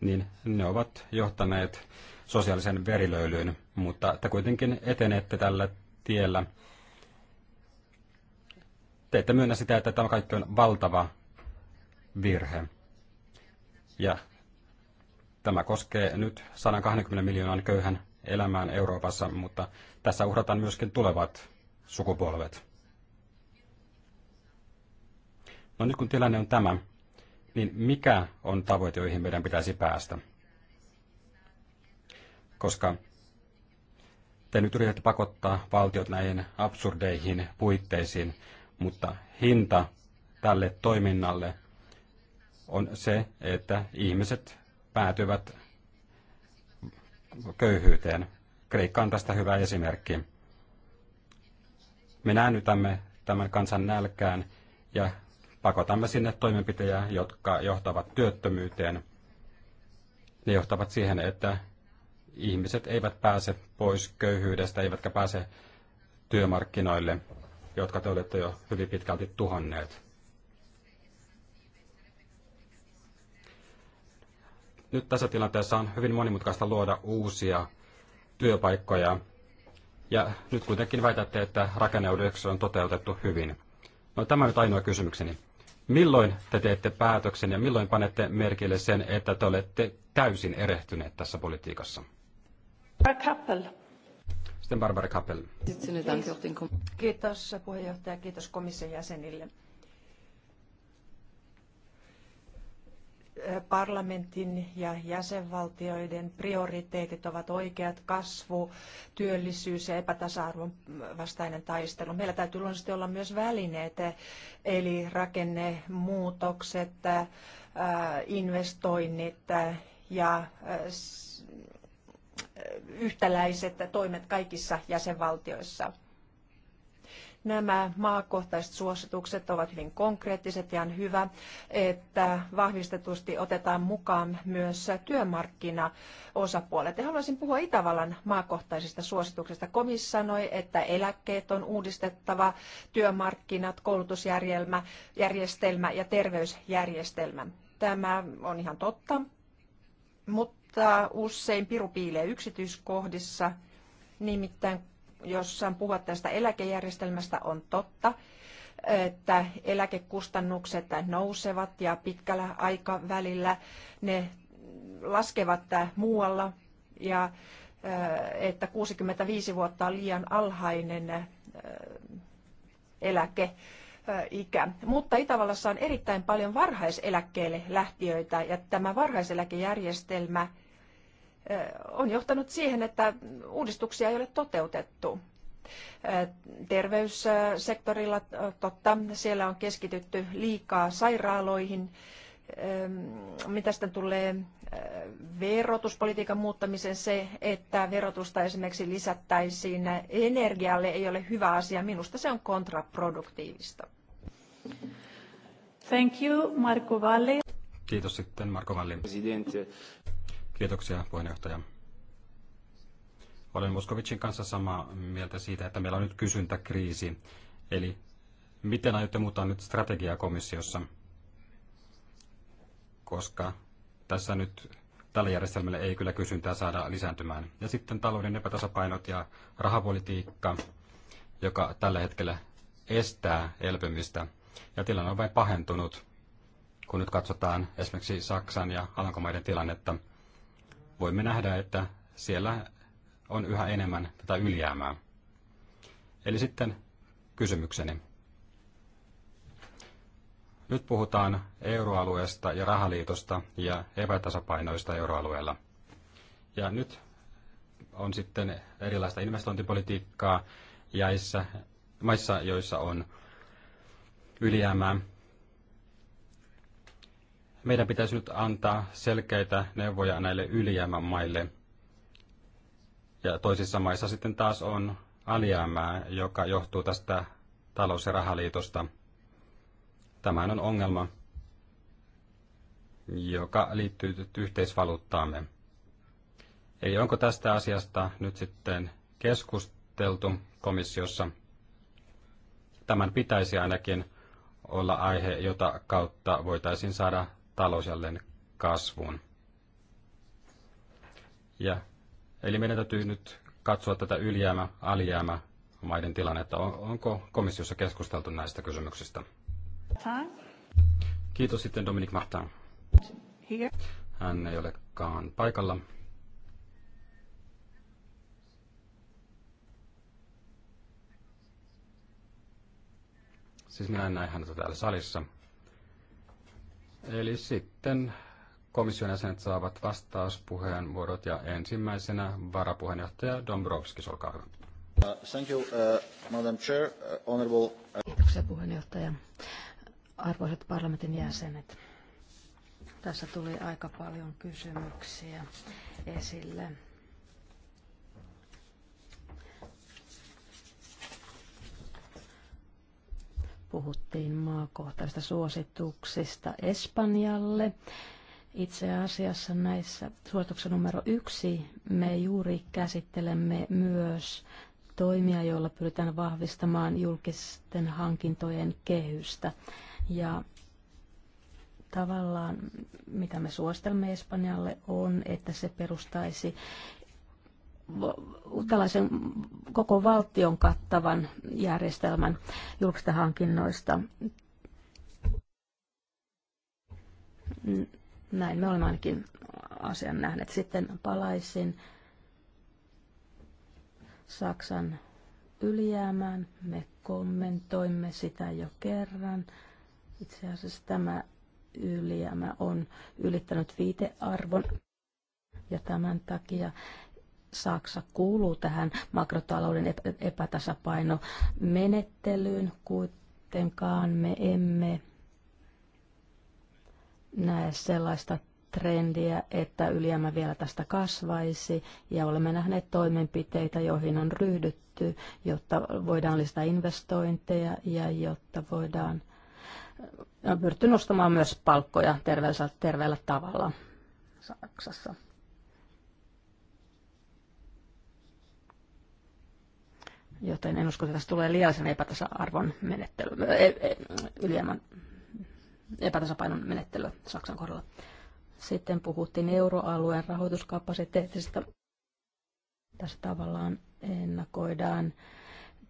niin ne ovat johtaneet sosiaalisen verilöylyyn, mutta te kuitenkin etenette tällä tiellä. Te ette myönnä sitä, että tämä kaikki on valtava virhe. Ja tämä koskee nyt 120 miljoonan köyhän elämään Euroopassa, mutta tässä uhrataan myöskin tulevat sukupolvet. No nyt kun tilanne on tämä, niin mikä on tavoite, joihin meidän pitäisi päästä? Koska te nyt yritätte pakottaa valtiot näihin absurdeihin puitteisiin, mutta hinta tälle toiminnalle on se, että ihmiset päätyvät köyhyyteen. Kreikka on tästä hyvä esimerkki. Me näännytämme tämän kansan nälkään ja pakotamme sinne toimenpitejä, jotka johtavat työttömyyteen. Ne johtavat siihen, että ihmiset eivät pääse pois köyhyydestä, eivätkä pääse työmarkkinoille, jotka te olette jo hyvin pitkälti tuhonneet. Nyt tässä tilanteessa on hyvin monimutkaista luoda uusia työpaikkoja. Ja nyt kuitenkin väitätte, että rakenneudeksi on toteutettu hyvin. No tämä on nyt ainoa kysymykseni. Milloin te teette päätöksen ja milloin panette merkille sen, että te olette täysin erehtyneet tässä politiikassa? Kappel. Sitten Barbara Kappel. Kiitos puheenjohtaja, kiitos komission jäsenille. parlamentin ja jäsenvaltioiden prioriteetit ovat oikeat, kasvu, työllisyys ja epätasa-arvon vastainen taistelu. Meillä täytyy luonnollisesti olla myös välineet, eli rakennemuutokset, investoinnit ja yhtäläiset toimet kaikissa jäsenvaltioissa. Nämä maakohtaiset suositukset ovat hyvin konkreettiset ja on hyvä, että vahvistetusti otetaan mukaan myös työmarkkinaosapuolet. Ja haluaisin puhua Itävallan maakohtaisista suosituksista. Komis sanoi, että eläkkeet on uudistettava, työmarkkinat, koulutusjärjestelmä ja terveysjärjestelmä. Tämä on ihan totta, mutta usein piru piilee yksityiskohdissa, nimittäin jossain puhua tästä eläkejärjestelmästä, on totta, että eläkekustannukset nousevat ja pitkällä aikavälillä ne laskevat muualla ja että 65 vuotta on liian alhainen eläke ikä. Mutta Itävallassa on erittäin paljon varhaiseläkkeelle lähtiöitä ja tämä varhaiseläkejärjestelmä – on johtanut siihen, että uudistuksia ei ole toteutettu. Terveyssektorilla totta, siellä on keskitytty liikaa sairaaloihin. Mitä sitten tulee verotuspolitiikan muuttamiseen se, että verotusta esimerkiksi lisättäisiin energialle ei ole hyvä asia. Minusta se on kontraproduktiivista. Thank you, Marco Valli. Kiitos sitten, Marco Valli. Presidente. Kiitoksia, puheenjohtaja. Olen Moskovitsin kanssa samaa mieltä siitä, että meillä on nyt kysyntäkriisi. Eli miten aiotte muuttaa nyt strategiaa komissiossa? Koska tässä nyt tällä järjestelmällä ei kyllä kysyntää saada lisääntymään. Ja sitten talouden epätasapainot ja rahapolitiikka, joka tällä hetkellä estää elpymistä. Ja tilanne on vain pahentunut, kun nyt katsotaan esimerkiksi Saksan ja Alankomaiden tilannetta voimme nähdä, että siellä on yhä enemmän tätä ylijäämää. Eli sitten kysymykseni. Nyt puhutaan euroalueesta ja rahaliitosta ja epätasapainoista euroalueella. Ja nyt on sitten erilaista investointipolitiikkaa jäissä, maissa, joissa on ylijäämää. Meidän pitäisi nyt antaa selkeitä neuvoja näille ylijäämän maille. Ja toisissa maissa sitten taas on alijäämää, joka johtuu tästä talous- ja rahaliitosta. Tämä on ongelma, joka liittyy yhteisvaluuttaamme. Eli onko tästä asiasta nyt sitten keskusteltu komissiossa? Tämän pitäisi ainakin olla aihe, jota kautta voitaisiin saada talous jälleen kasvuun. Ja, eli meidän täytyy nyt katsoa tätä ylijäämä, alijäämä maiden tilannetta. On, onko komissiossa keskusteltu näistä kysymyksistä? Kiitos sitten Dominik Mahtaan. Hän ei olekaan paikalla. Siis minä en näe häntä täällä salissa. Eli sitten komission jäsenet saavat vastauspuheenvuorot ja ensimmäisenä varapuheenjohtaja Dombrovskis, olkaa hyvä. Uh, thank you, uh, Madam Chair, uh, honorable... Uh, Kiitoksia puheenjohtaja. Arvoisat parlamentin jäsenet, tässä tuli aika paljon kysymyksiä esille puhuttiin maakohtaisista suosituksista Espanjalle. Itse asiassa näissä suosituksessa numero yksi me juuri käsittelemme myös toimia, joilla pyritään vahvistamaan julkisten hankintojen kehystä. Ja tavallaan, mitä me suostelemme Espanjalle, on, että se perustaisi tällaisen koko valtion kattavan järjestelmän julkista hankinnoista. Näin me olemme ainakin asian nähneet. Sitten palaisin Saksan ylijäämään. Me kommentoimme sitä jo kerran. Itse asiassa tämä ylijäämä on ylittänyt viitearvon ja tämän takia Saksa kuuluu tähän makrotalouden epätasapainomenettelyyn, kuitenkaan me emme näe sellaista trendiä, että ylijäämä vielä tästä kasvaisi ja olemme nähneet toimenpiteitä, joihin on ryhdytty, jotta voidaan lisätä investointeja ja jotta voidaan on äh, pyritty nostamaan myös palkkoja terveellä, terveellä tavalla Saksassa. joten en usko, että tässä tulee liiallisen epätasa-arvon menettely, e, e, ylijäämän epätasapainon menettely Saksan kohdalla. Sitten puhuttiin euroalueen rahoituskapasiteetista. Tässä tavallaan ennakoidaan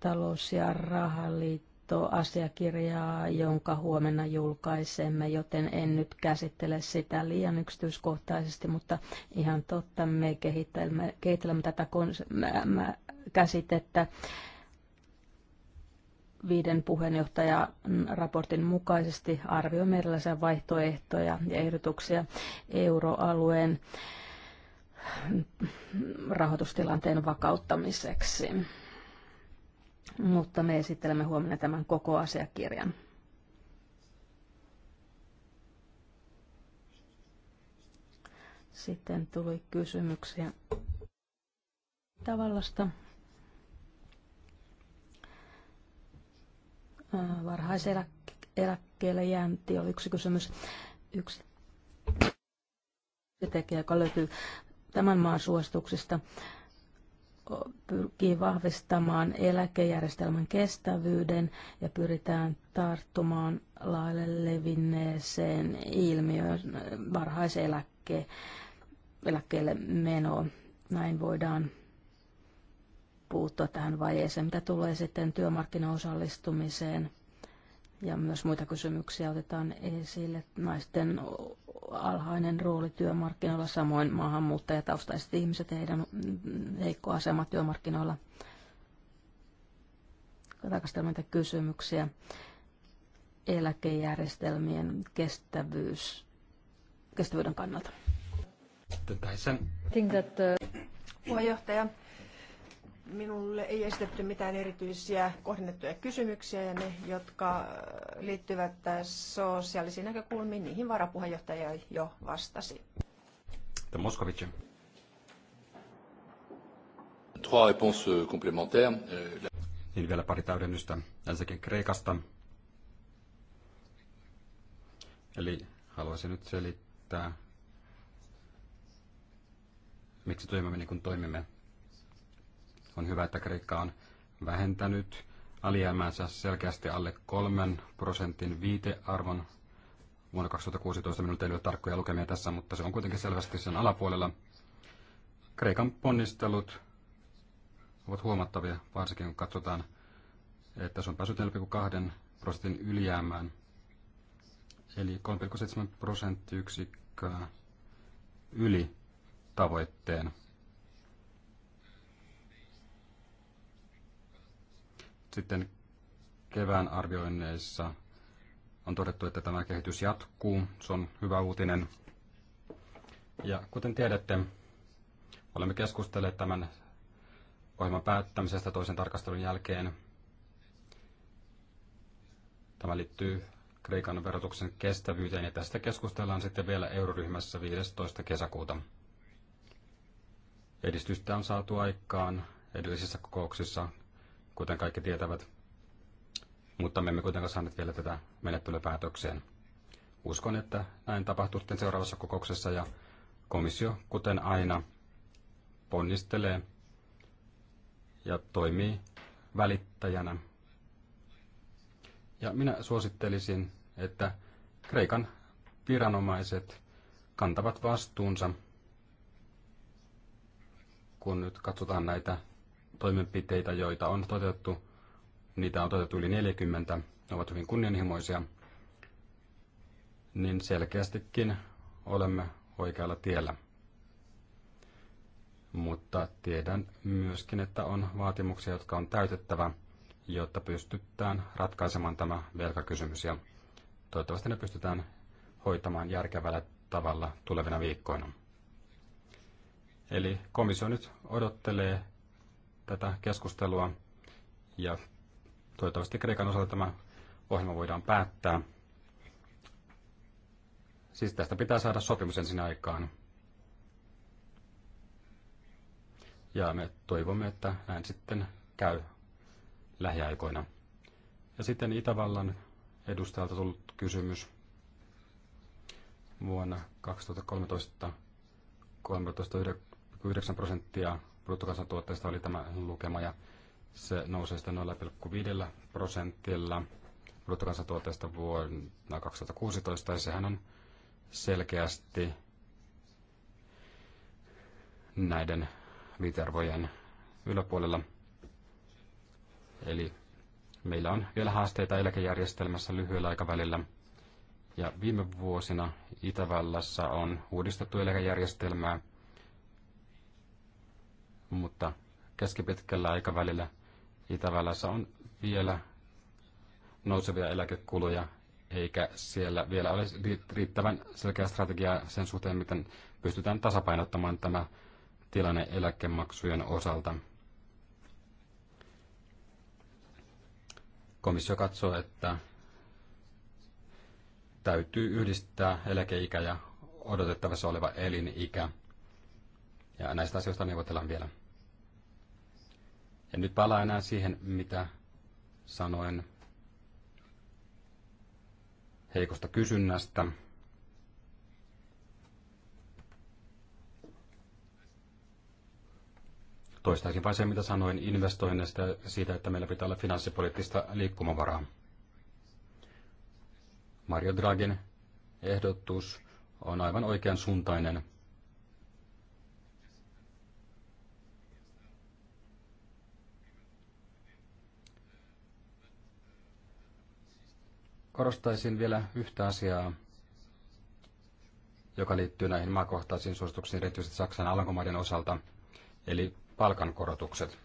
talous- ja rahaliitto katsoo asiakirjaa, jonka huomenna julkaisemme, joten en nyt käsittele sitä liian yksityiskohtaisesti, mutta ihan totta, me kehittelemme, kehittelemme tätä käsitettä viiden puheenjohtajan raportin mukaisesti arvioimme erilaisia vaihtoehtoja ja ehdotuksia euroalueen rahoitustilanteen vakauttamiseksi mutta me esittelemme huomenna tämän koko asiakirjan. Sitten tuli kysymyksiä tavallasta. Äh, varhaiseläkkeelle jäänti on yksi kysymys. Yksi tekijä, joka löytyy tämän maan suosituksista pyrkii vahvistamaan eläkejärjestelmän kestävyyden ja pyritään tarttumaan laille levinneeseen ilmiöön varhaiseläkkeelle menoon. Näin voidaan puuttua tähän vajeeseen, mitä tulee sitten työmarkkinaosallistumiseen ja myös muita kysymyksiä otetaan esille. Naisten alhainen rooli työmarkkinoilla, samoin maahanmuuttajataustaiset ihmiset heidän heikko asema työmarkkinoilla. Tarkastelemme näitä kysymyksiä. Eläkejärjestelmien kestävyys, kestävyyden kannalta. Think that, uh... Puheenjohtaja Minulle ei esitetty mitään erityisiä kohdennettuja kysymyksiä ja ne, jotka äh, liittyvät sosiaalisiin näkökulmiin, niihin varapuheenjohtaja jo vastasi. Moskovic. Trois réponses euh, complémentaires. Euh, niin vielä pari täydennystä ensinnäkin Kreikasta. Eli haluaisin nyt selittää, miksi toimimme niin kuin toimimme on hyvä, että Kreikka on vähentänyt alijäämänsä selkeästi alle 3 prosentin viitearvon vuonna 2016. Minulla ei ole tarkkoja lukemia tässä, mutta se on kuitenkin selvästi sen alapuolella. Kreikan ponnistelut ovat huomattavia, varsinkin kun katsotaan, että se on päässyt 4,2 prosentin ylijäämään. Eli 3,7 prosenttiyksikköä yli tavoitteen Sitten kevään arvioinneissa on todettu, että tämä kehitys jatkuu. Se on hyvä uutinen. Ja kuten tiedätte, olemme keskustelleet tämän ohjelman päättämisestä toisen tarkastelun jälkeen. Tämä liittyy Kreikan verotuksen kestävyyteen ja tästä keskustellaan sitten vielä euroryhmässä 15. kesäkuuta. Edistystä on saatu aikaan edellisissä kokouksissa kuten kaikki tietävät, mutta me emme kuitenkaan saaneet vielä tätä menettelypäätökseen. Uskon, että näin tapahtuu sitten seuraavassa kokouksessa ja komissio, kuten aina, ponnistelee ja toimii välittäjänä. Ja minä suosittelisin, että Kreikan viranomaiset kantavat vastuunsa, kun nyt katsotaan näitä toimenpiteitä, joita on toteutettu. Niitä on toteutettu yli 40, ne ovat hyvin kunnianhimoisia. Niin selkeästikin olemme oikealla tiellä. Mutta tiedän myöskin, että on vaatimuksia, jotka on täytettävä, jotta pystytään ratkaisemaan tämä velkakysymys. Ja toivottavasti ne pystytään hoitamaan järkevällä tavalla tulevina viikkoina. Eli komissio nyt odottelee tätä keskustelua ja toivottavasti Kreikan osalta tämä ohjelma voidaan päättää. Siis tästä pitää saada sopimus ensin aikaan. Ja me toivomme, että näin sitten käy lähiaikoina. Ja sitten Itävallan edustajalta tullut kysymys vuonna 2013 13,9 prosenttia bruttokansantuotteesta oli tämä lukema ja se nousee sitten 0,5 prosentilla bruttokansantuotteesta vuonna 2016 ja sehän on selkeästi näiden viitearvojen yläpuolella. Eli meillä on vielä haasteita eläkejärjestelmässä lyhyellä aikavälillä. Ja viime vuosina Itävallassa on uudistettu eläkejärjestelmää mutta keskipitkällä aikavälillä Itävallassa on vielä nousevia eläkekuluja, eikä siellä vielä ole riittävän selkeä strategia sen suhteen, miten pystytään tasapainottamaan tämä tilanne eläkemaksujen osalta. Komissio katsoo, että täytyy yhdistää eläkeikä ja odotettavassa oleva elinikä. Ja näistä asioista neuvotellaan vielä. En nyt palaa enää siihen, mitä sanoen heikosta kysynnästä. Toistaisin vain se, mitä sanoin investoinneista ja siitä, että meillä pitää olla finanssipoliittista liikkumavaraa. Mario Dragin ehdotus on aivan oikean suuntainen Korostaisin vielä yhtä asiaa, joka liittyy näihin maakohtaisiin suosituksiin erityisesti Saksan alankomaiden osalta, eli palkankorotukset.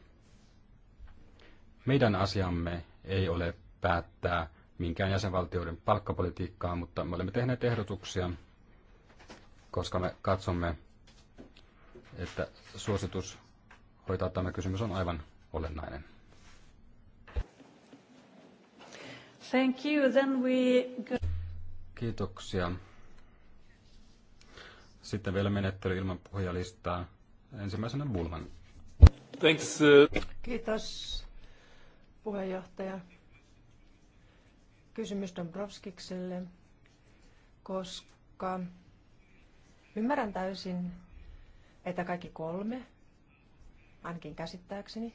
Meidän asiamme ei ole päättää minkään jäsenvaltioiden palkkapolitiikkaa, mutta me olemme tehneet ehdotuksia, koska me katsomme, että suositus hoitaa tämä kysymys on aivan olennainen. Thank you. Then we go... Kiitoksia. Sitten vielä menettely ilman puhujalistaa. Ensimmäisenä Bulman. Thanks. Uh, Kiitos puheenjohtaja. Kysymys Dombrovskikselle, koska ymmärrän täysin, että kaikki kolme, ainakin käsittääkseni,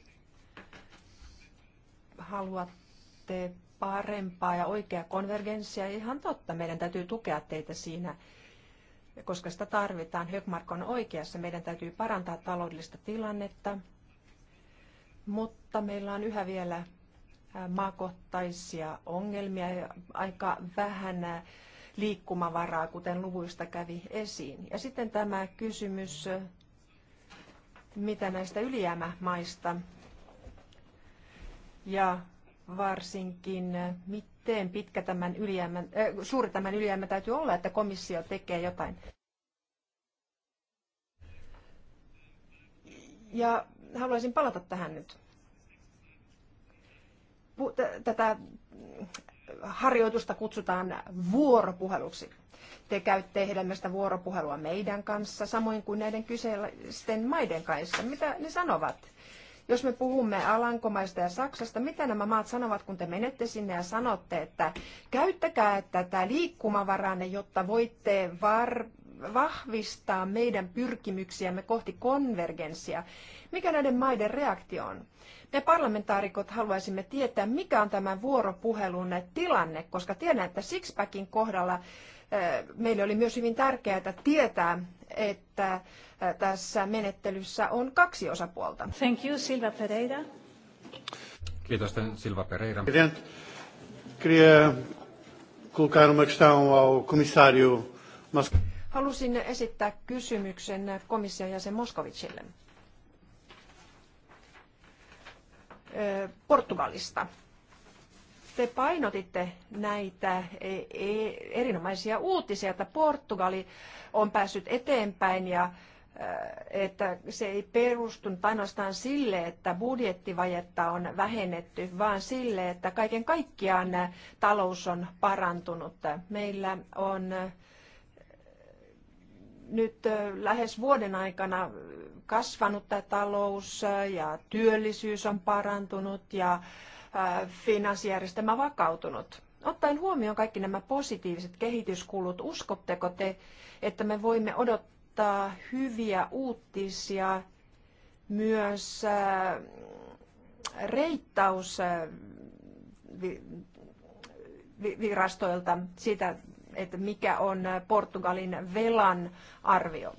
haluatte parempaa ja oikeaa konvergenssia. Ihan totta, meidän täytyy tukea teitä siinä, koska sitä tarvitaan. Högmark on oikeassa, meidän täytyy parantaa taloudellista tilannetta, mutta meillä on yhä vielä maakohtaisia ongelmia ja aika vähän liikkumavaraa, kuten luvuista kävi esiin. Ja sitten tämä kysymys, mitä näistä ylijäämämaista ja varsinkin, miten pitkä tämän ylijäämän, äh, suuri tämän ylijäämä täytyy olla, että komissio tekee jotain. Ja haluaisin palata tähän nyt. Tätä harjoitusta kutsutaan vuoropuheluksi. Te käytte hedelmästä vuoropuhelua meidän kanssa, samoin kuin näiden kyseisten maiden kanssa. Mitä ne sanovat? Jos me puhumme Alankomaista ja Saksasta, mitä nämä maat sanovat, kun te menette sinne ja sanotte, että käyttäkää tätä liikkumavaranne, jotta voitte var- vahvistaa meidän pyrkimyksiämme kohti konvergenssia. Mikä näiden maiden reaktio on? Me parlamentaarikot haluaisimme tietää, mikä on tämän vuoropuhelun tilanne, koska tiedän, että Sixpackin kohdalla meille oli myös hyvin tärkeää tietää, että tässä menettelyssä on kaksi osapuolta. Thank you, Silva Pereira. Kiitos, Silva Pereira. Queria colocar uma questão ao comissário Halusin esittää kysymyksen komission jäsen Moskovicille Portugalista te painotitte näitä e, e, erinomaisia uutisia, että Portugali on päässyt eteenpäin ja äh, että se ei perustu ainoastaan sille, että budjettivajetta on vähennetty, vaan sille, että kaiken kaikkiaan talous on parantunut. Meillä on äh, nyt äh, lähes vuoden aikana kasvanut tämä talous ja työllisyys on parantunut ja finanssijärjestelmä vakautunut. Ottaen huomioon kaikki nämä positiiviset kehityskulut, uskotteko te, että me voimme odottaa hyviä uutisia myös reittausvirastoilta siitä, että mikä on Portugalin velan arvio?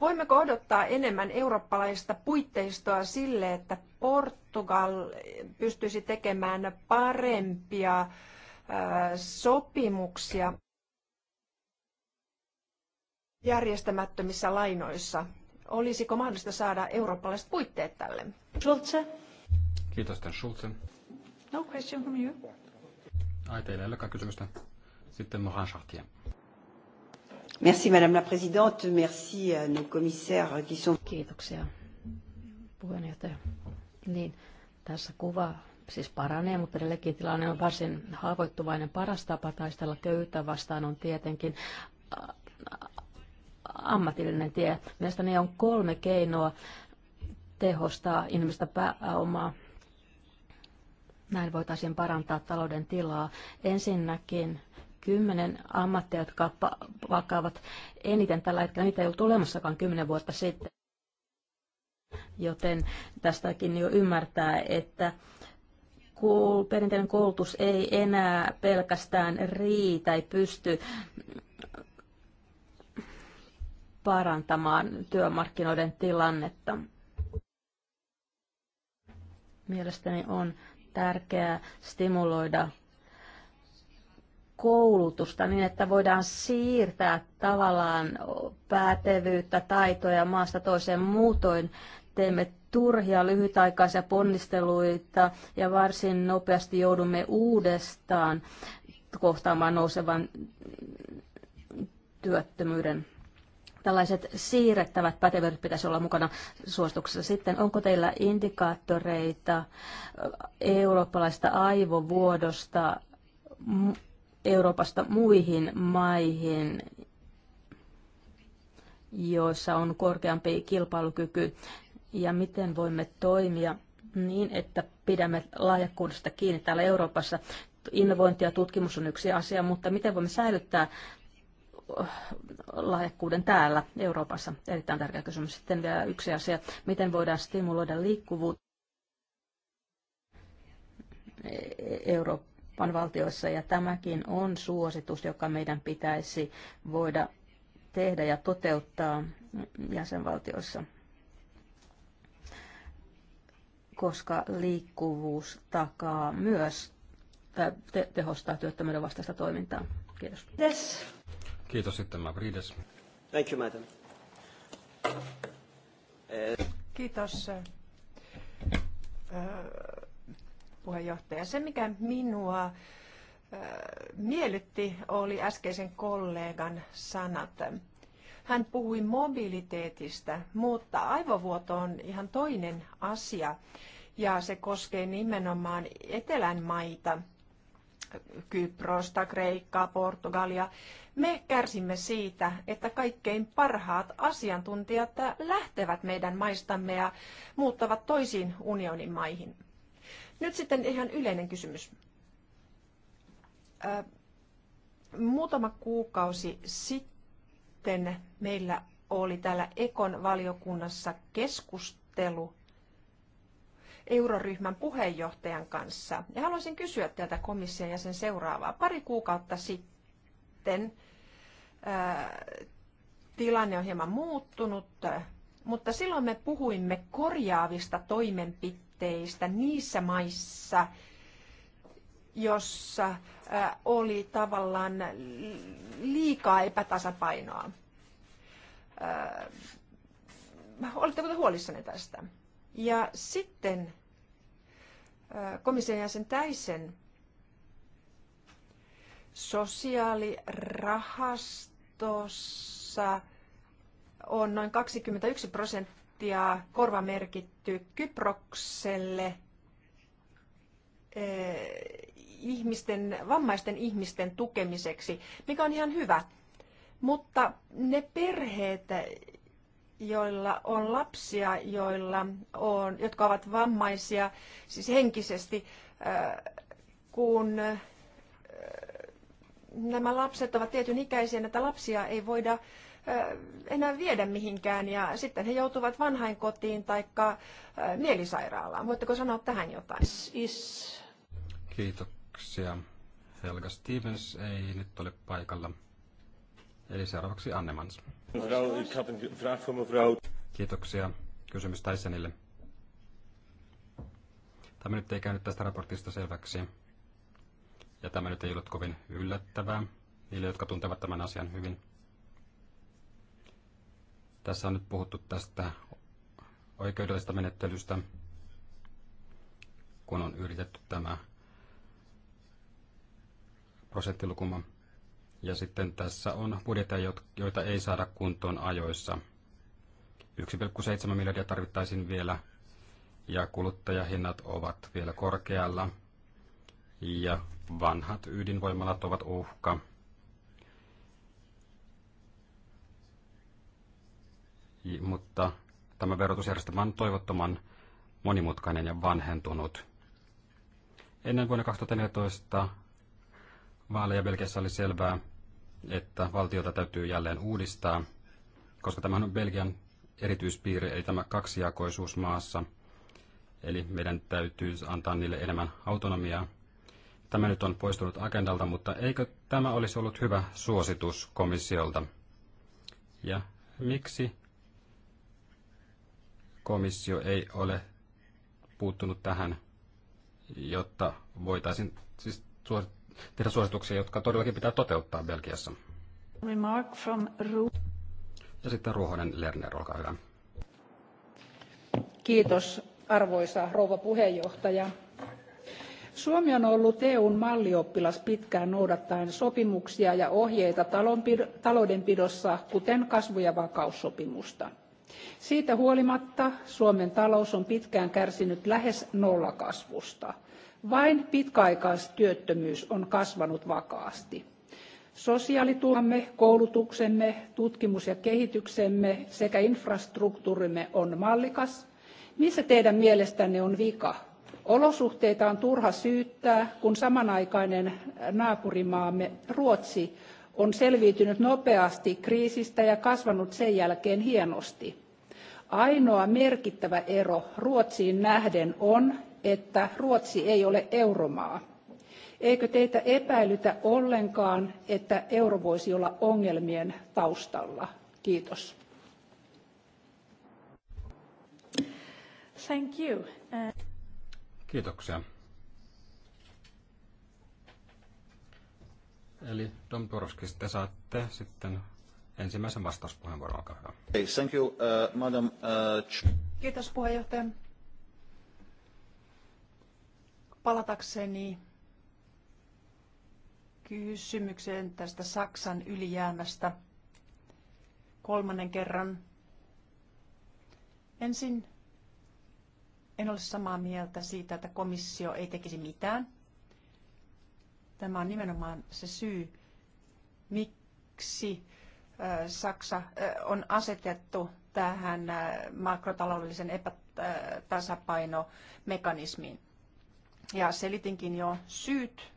Voimmeko odottaa enemmän eurooppalaista puitteistoa sille, että Portugal pystyisi tekemään parempia sopimuksia järjestämättömissä lainoissa? Olisiko mahdollista saada eurooppalaiset puitteet tälle? Schulze. Kiitos, Schulze. No question from you. Ai, teillä kysymystä. Sitten Mohan Merci Madame la Présidente, merci à nos commissaires qui sont... Kiitoksia puheenjohtaja. Niin, tässä kuva siis paranee, mutta edelleenkin tilanne on varsin haavoittuvainen. Paras tapa taistella köyhyyttä vastaan on tietenkin äh, ammatillinen tie. Mielestäni on kolme keinoa tehostaa ihmistä pääomaa. Näin voitaisiin parantaa talouden tilaa. Ensinnäkin kymmenen ammattia, jotka vakaavat eniten tällä hetkellä. Niitä ei ollut olemassakaan kymmenen vuotta sitten. Joten tästäkin jo ymmärtää, että perinteinen koulutus ei enää pelkästään riitä, ei pysty parantamaan työmarkkinoiden tilannetta. Mielestäni on tärkeää stimuloida koulutusta niin, että voidaan siirtää tavallaan pätevyyttä, taitoja maasta toiseen muutoin. Teemme turhia lyhytaikaisia ponnisteluita ja varsin nopeasti joudumme uudestaan kohtaamaan nousevan työttömyyden. Tällaiset siirrettävät pätevyydet pitäisi olla mukana suosituksessa. Sitten onko teillä indikaattoreita eurooppalaista aivovuodosta Euroopasta muihin maihin, joissa on korkeampi kilpailukyky ja miten voimme toimia niin, että pidämme lahjakkuudesta kiinni täällä Euroopassa. Innovointi ja tutkimus on yksi asia, mutta miten voimme säilyttää oh, lahjakkuuden täällä Euroopassa? Erittäin tärkeä kysymys. Sitten vielä yksi asia, miten voidaan stimuloida liikkuvuutta e-, Euroopassa? Euroopan valtioissa, ja tämäkin on suositus, joka meidän pitäisi voida tehdä ja toteuttaa jäsenvaltioissa, koska liikkuvuus takaa myös te- tehostaa työttömyyden vastaista toimintaa. Kiitos. Yes. Kiitos sitten Mavrides. Thank you, madam. Kiitos eh puheenjohtaja. Se, mikä minua äh, miellytti, oli äskeisen kollegan sanat. Hän puhui mobiliteetistä, mutta aivovuoto on ihan toinen asia ja se koskee nimenomaan etelän maita, Kyprosta, Kreikkaa, Portugalia. Me kärsimme siitä, että kaikkein parhaat asiantuntijat lähtevät meidän maistamme ja muuttavat toisiin unionin maihin. Nyt sitten ihan yleinen kysymys. Ö, muutama kuukausi sitten meillä oli täällä Ekon valiokunnassa keskustelu euroryhmän puheenjohtajan kanssa. Ja haluaisin kysyä teiltä komission jäsen seuraavaa. Pari kuukautta sitten ö, tilanne on hieman muuttunut, mutta silloin me puhuimme korjaavista toimenpiteistä jätteistä niissä maissa, jossa oli tavallaan liikaa epätasapainoa. Oletteko te huolissanne tästä? Ja sitten komission jäsen Täisen sosiaalirahastossa on noin 21 prosenttia prosenttia korvamerkitty Kyprokselle eh, ihmisten, vammaisten ihmisten tukemiseksi, mikä on ihan hyvä. Mutta ne perheet, joilla on lapsia, joilla on, jotka ovat vammaisia, siis henkisesti, eh, kun eh, nämä lapset ovat tietyn ikäisiä, että lapsia ei voida enää viedä mihinkään ja sitten he joutuvat vanhainkotiin tai mielisairaalaan. Voitteko sanoa tähän jotain? Is... is. Kiitoksia. Helga Stevens ei nyt ole paikalla. Eli seuraavaksi Anne Mans. Kiitoksia kysymys Tysonille. Tämä nyt ei käynyt tästä raportista selväksi. Ja tämä nyt ei ollut kovin yllättävää niille, jotka tuntevat tämän asian hyvin. Tässä on nyt puhuttu tästä oikeudellisesta menettelystä, kun on yritetty tämä prosenttilukuma. Ja sitten tässä on budjetteja, joita ei saada kuntoon ajoissa. 1,7 miljardia tarvittaisiin vielä, ja kuluttajahinnat ovat vielä korkealla, ja vanhat ydinvoimalat ovat uhka. mutta tämä verotusjärjestelmä on toivottoman monimutkainen ja vanhentunut. Ennen vuonna 2014 vaaleja Belgiassa oli selvää, että valtiota täytyy jälleen uudistaa, koska tämä on Belgian erityispiiri, eli tämä kaksijakoisuus maassa. Eli meidän täytyy antaa niille enemmän autonomiaa. Tämä nyt on poistunut agendalta, mutta eikö tämä olisi ollut hyvä suositus komissiolta? Ja miksi komissio ei ole puuttunut tähän, jotta voitaisiin siis tehdä suosituksia, jotka todellakin pitää toteuttaa Belgiassa. Remark from Ru- ja sitten Ruohonen Lerner, olkaa hyvä. Kiitos arvoisa rouva puheenjohtaja. Suomi on ollut EUn mallioppilas pitkään noudattaen sopimuksia ja ohjeita taloudenpidossa, kuten kasvu- ja vakaussopimusta. Siitä huolimatta Suomen talous on pitkään kärsinyt lähes nollakasvusta. Vain pitkäaikaistyöttömyys on kasvanut vakaasti. Sosiaaliturvamme, koulutuksemme, tutkimus- ja kehityksemme sekä infrastruktuurimme on mallikas. Missä teidän mielestänne on vika? Olosuhteita on turha syyttää, kun samanaikainen naapurimaamme Ruotsi on selviytynyt nopeasti kriisistä ja kasvanut sen jälkeen hienosti. Ainoa merkittävä ero Ruotsiin nähden on, että Ruotsi ei ole euromaa. Eikö teitä epäilytä ollenkaan, että euro voisi olla ongelmien taustalla? Kiitos. Thank you. Uh, Kiitoksia. Eli Dom Turski, te saatte sitten ensimmäisen vastauspuheenvuoron, olkaa hyvä. Hey, thank you, uh, madam, uh... Kiitos puheenjohtaja. Palatakseni kysymykseen tästä Saksan ylijäämästä kolmannen kerran. Ensin en ole samaa mieltä siitä, että komissio ei tekisi mitään Tämä on nimenomaan se syy, miksi Saksa on asetettu tähän makrotaloudellisen epätasapainomekanismiin. Ja selitinkin jo syyt,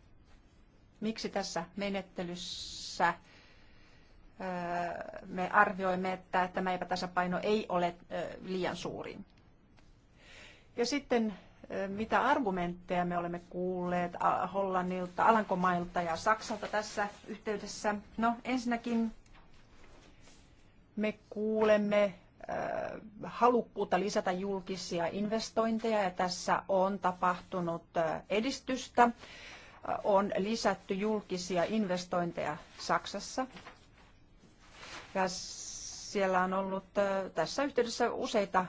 miksi tässä menettelyssä me arvioimme, että tämä epätasapaino ei ole liian suuri. Ja sitten mitä argumentteja me olemme kuulleet Hollannilta, Alankomailta ja Saksalta tässä yhteydessä? No ensinnäkin me kuulemme äh, halukkuutta lisätä julkisia investointeja ja tässä on tapahtunut äh, edistystä. Äh, on lisätty julkisia investointeja Saksassa. Ja siellä on ollut tässä yhteydessä useita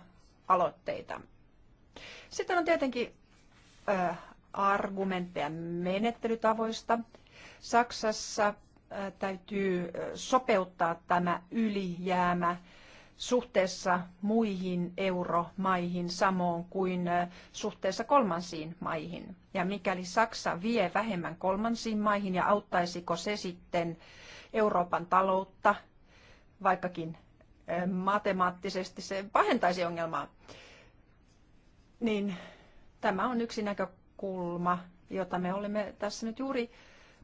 aloitteita. Sitten on tietenkin ö, argumentteja menettelytavoista. Saksassa täytyy sopeuttaa tämä ylijäämä suhteessa muihin euromaihin samoin kuin suhteessa kolmansiin maihin. Ja mikäli Saksa vie vähemmän kolmansiin maihin ja auttaisiko se sitten Euroopan taloutta, vaikkakin matemaattisesti se pahentaisi ongelmaa niin tämä on yksi näkökulma, jota me olemme tässä nyt juuri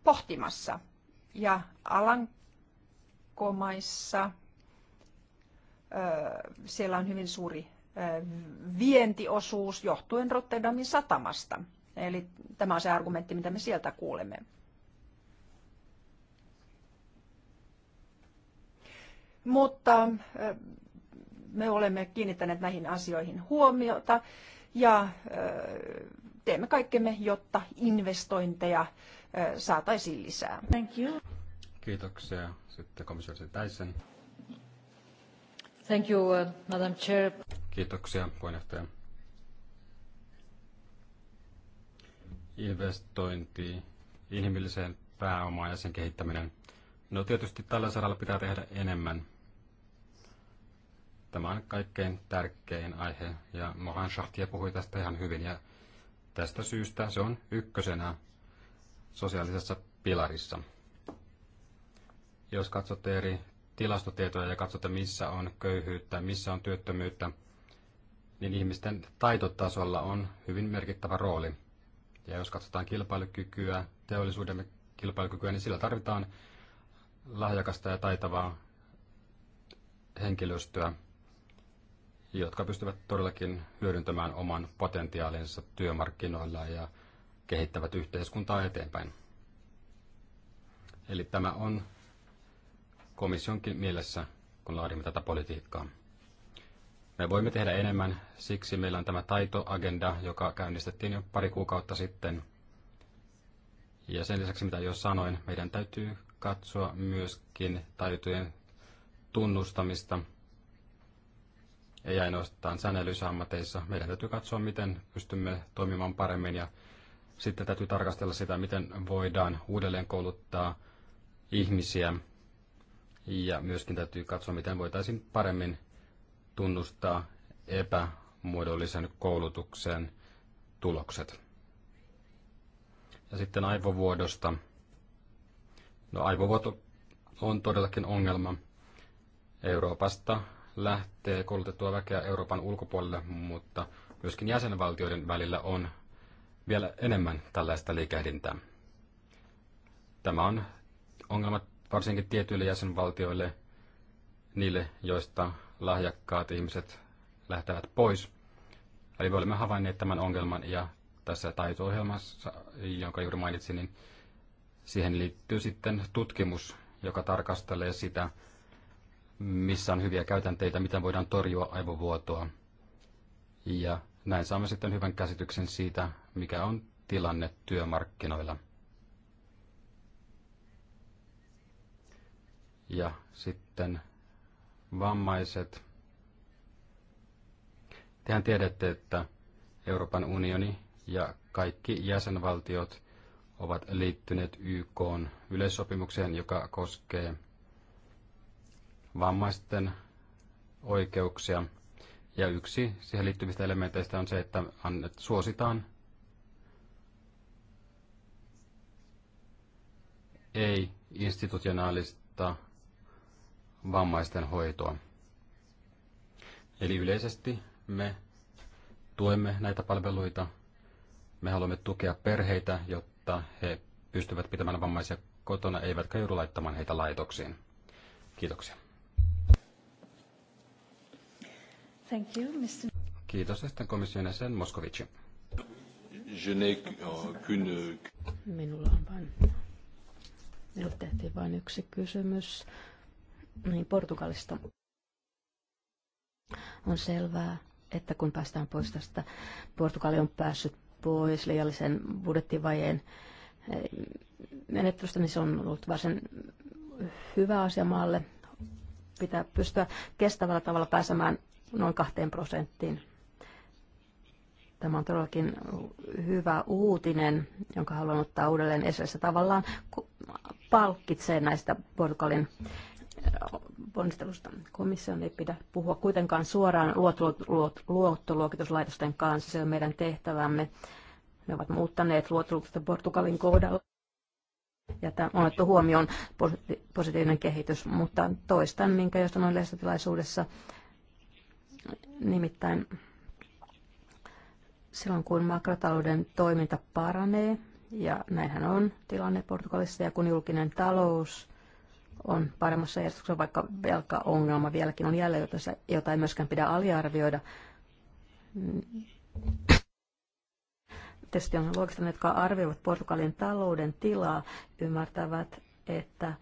pohtimassa. Ja Alankomaissa siellä on hyvin suuri vientiosuus johtuen Rotterdamin satamasta. Eli tämä on se argumentti, mitä me sieltä kuulemme. Mutta me olemme kiinnittäneet näihin asioihin huomiota ja teemme kaikkemme, jotta investointeja saataisiin lisää. Thank you. Kiitoksia. Sitten komissaari Täisen. Thank you, uh, Madam Chair. Kiitoksia, puheenjohtaja. Investointi inhimilliseen pääomaan ja sen kehittäminen. No tietysti tällä saralla pitää tehdä enemmän. Tämä on kaikkein tärkein aihe ja Mohan Shahtia puhui tästä ihan hyvin ja tästä syystä se on ykkösenä sosiaalisessa pilarissa. Jos katsotte eri tilastotietoja ja katsotte missä on köyhyyttä, missä on työttömyyttä, niin ihmisten taitotasolla on hyvin merkittävä rooli. Ja jos katsotaan kilpailukykyä, teollisuuden kilpailukykyä, niin sillä tarvitaan lahjakasta ja taitavaa henkilöstöä jotka pystyvät todellakin hyödyntämään oman potentiaalinsa työmarkkinoilla ja kehittävät yhteiskuntaa eteenpäin. Eli tämä on komissionkin mielessä, kun laadimme tätä politiikkaa. Me voimme tehdä enemmän, siksi meillä on tämä taitoagenda, joka käynnistettiin jo pari kuukautta sitten. Ja sen lisäksi, mitä jo sanoin, meidän täytyy katsoa myöskin taitojen tunnustamista – ei ainoastaan säännellyisammateissa. Meidän täytyy katsoa, miten pystymme toimimaan paremmin ja sitten täytyy tarkastella sitä, miten voidaan uudelleen kouluttaa ihmisiä ja myöskin täytyy katsoa, miten voitaisiin paremmin tunnustaa epämuodollisen koulutuksen tulokset. Ja sitten aivovuodosta. No aivovuoto on todellakin ongelma. Euroopasta lähtee koulutettua väkeä Euroopan ulkopuolelle, mutta myöskin jäsenvaltioiden välillä on vielä enemmän tällaista liikehdintää. Tämä on ongelma varsinkin tietyille jäsenvaltioille, niille, joista lahjakkaat ihmiset lähtevät pois. Eli me olemme havainneet tämän ongelman ja tässä taito-ohjelmassa, jonka juuri mainitsin, niin siihen liittyy sitten tutkimus, joka tarkastelee sitä, missä on hyviä käytänteitä, miten voidaan torjua aivovuotoa. Ja näin saamme sitten hyvän käsityksen siitä, mikä on tilanne työmarkkinoilla. Ja sitten vammaiset. Tehän tiedätte, että Euroopan unioni ja kaikki jäsenvaltiot ovat liittyneet YK yleissopimukseen, joka koskee vammaisten oikeuksia. Ja yksi siihen liittyvistä elementeistä on se, että suositaan ei-institutionaalista vammaisten hoitoa. Eli yleisesti me tuemme näitä palveluita. Me haluamme tukea perheitä, jotta he pystyvät pitämään vammaisia kotona, eivätkä joudu laittamaan heitä laitoksiin. Kiitoksia. Thank you, Mr. Kiitos. Ja sitten komission jäsen Moskovici. Minulla on vain, minulle tehtiin vain yksi kysymys. Niin, Portugalista on selvää, että kun päästään pois tästä, Portugali on päässyt pois liiallisen budjettivajeen eh, menettelystä, niin se on ollut varsin hyvä asia maalle. Pitää pystyä kestävällä tavalla pääsemään noin kahteen prosenttiin. Tämä on todellakin hyvä uutinen, jonka haluan ottaa uudelleen esille. tavallaan palkitsee näistä Portugalin äh, ponnistelusta. Komission ei pidä puhua kuitenkaan suoraan luottoluokituslaitosten kanssa. Se on meidän tehtävämme. Ne ovat muuttaneet luottoluokitusta Portugalin kohdalla. Ja tämä on otettu huomioon positiivinen kehitys, mutta toistan, minkä jo sanoin lehdistötilaisuudessa. tilaisuudessa Nimittäin silloin kun makrotalouden toiminta paranee, ja näinhän on tilanne Portugalissa, ja kun julkinen talous on paremmassa järjestyksessä, vaikka velkaongelma vieläkin on jäljellä, jota ei myöskään pidä aliarvioida. Tietysti on luokista, jotka arvioivat Portugalin talouden tilaa, ymmärtävät, että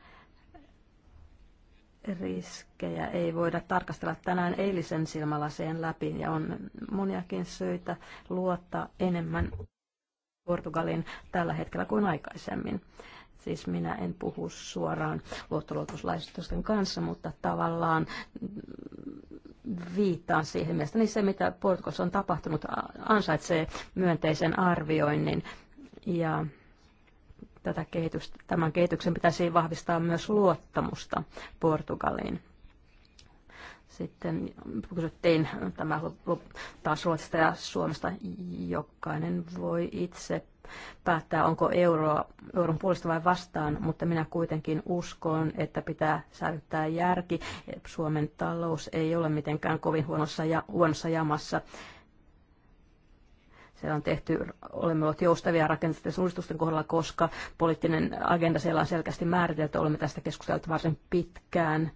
riskejä ei voida tarkastella tänään eilisen silmälaseen läpi ja on moniakin syitä luottaa enemmän Portugalin tällä hetkellä kuin aikaisemmin. Siis minä en puhu suoraan luottoluotuslaistusten kanssa, mutta tavallaan viittaan siihen. Mielestäni se, mitä Portugalissa on tapahtunut, ansaitsee myönteisen arvioinnin. Ja Tätä kehitystä, tämän kehityksen pitäisi vahvistaa myös luottamusta Portugaliin. Sitten kysyttiin tämä taas Ruotsista ja Suomesta. Jokainen voi itse päättää, onko euroa, euron puolesta vai vastaan, mutta minä kuitenkin uskon, että pitää säilyttää järki. Suomen talous ei ole mitenkään kovin huonossa, ja, huonossa jamassa. Siellä on tehty, olemme olleet joustavia rakennusten suunnistusten kohdalla, koska poliittinen agenda siellä on selkeästi määritelty. Olemme tästä keskusteltu varsin pitkään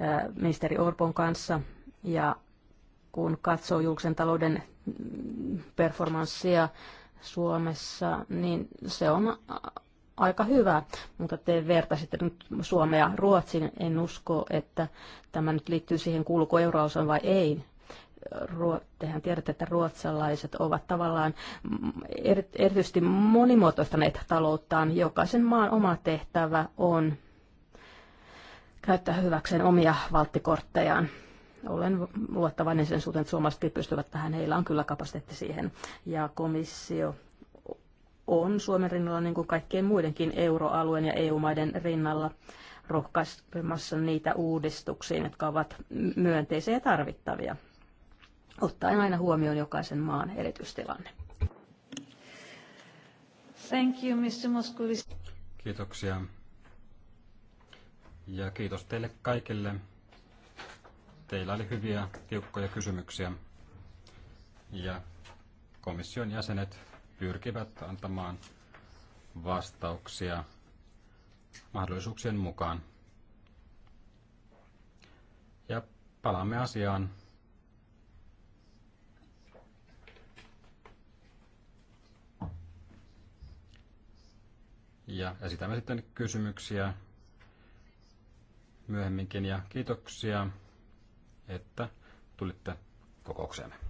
äh, ministeri Orpon kanssa ja kun katsoo julkisen talouden mm, performanssia Suomessa, niin se on äh, aika hyvä, mutta te vertaisitte nyt Suomea Ruotsiin. En usko, että tämä nyt liittyy siihen, kuuluuko euroalueeseen vai ei. Ruo- tehän tiedätte, että ruotsalaiset ovat tavallaan mm, erityisesti monimuotoistaneet talouttaan. Jokaisen maan oma tehtävä on käyttää hyväkseen omia valttikorttejaan. Olen luottavainen sen suhteen, että suomalaiset pystyvät tähän. Heillä on kyllä kapasiteetti siihen. Ja komissio on Suomen rinnalla niin kuin kaikkien muidenkin euroalueen ja EU-maiden rinnalla rohkaisemassa niitä uudistuksiin, jotka ovat myönteisiä ja tarvittavia ottaen aina huomioon jokaisen maan erityistilanne. Thank you, Mr. Moskowitz. Kiitoksia. Ja kiitos teille kaikille. Teillä oli hyviä, tiukkoja kysymyksiä. Ja komission jäsenet pyrkivät antamaan vastauksia mahdollisuuksien mukaan. Ja palaamme asiaan ja esitämme sitten kysymyksiä myöhemminkin ja kiitoksia, että tulitte kokoukseemme.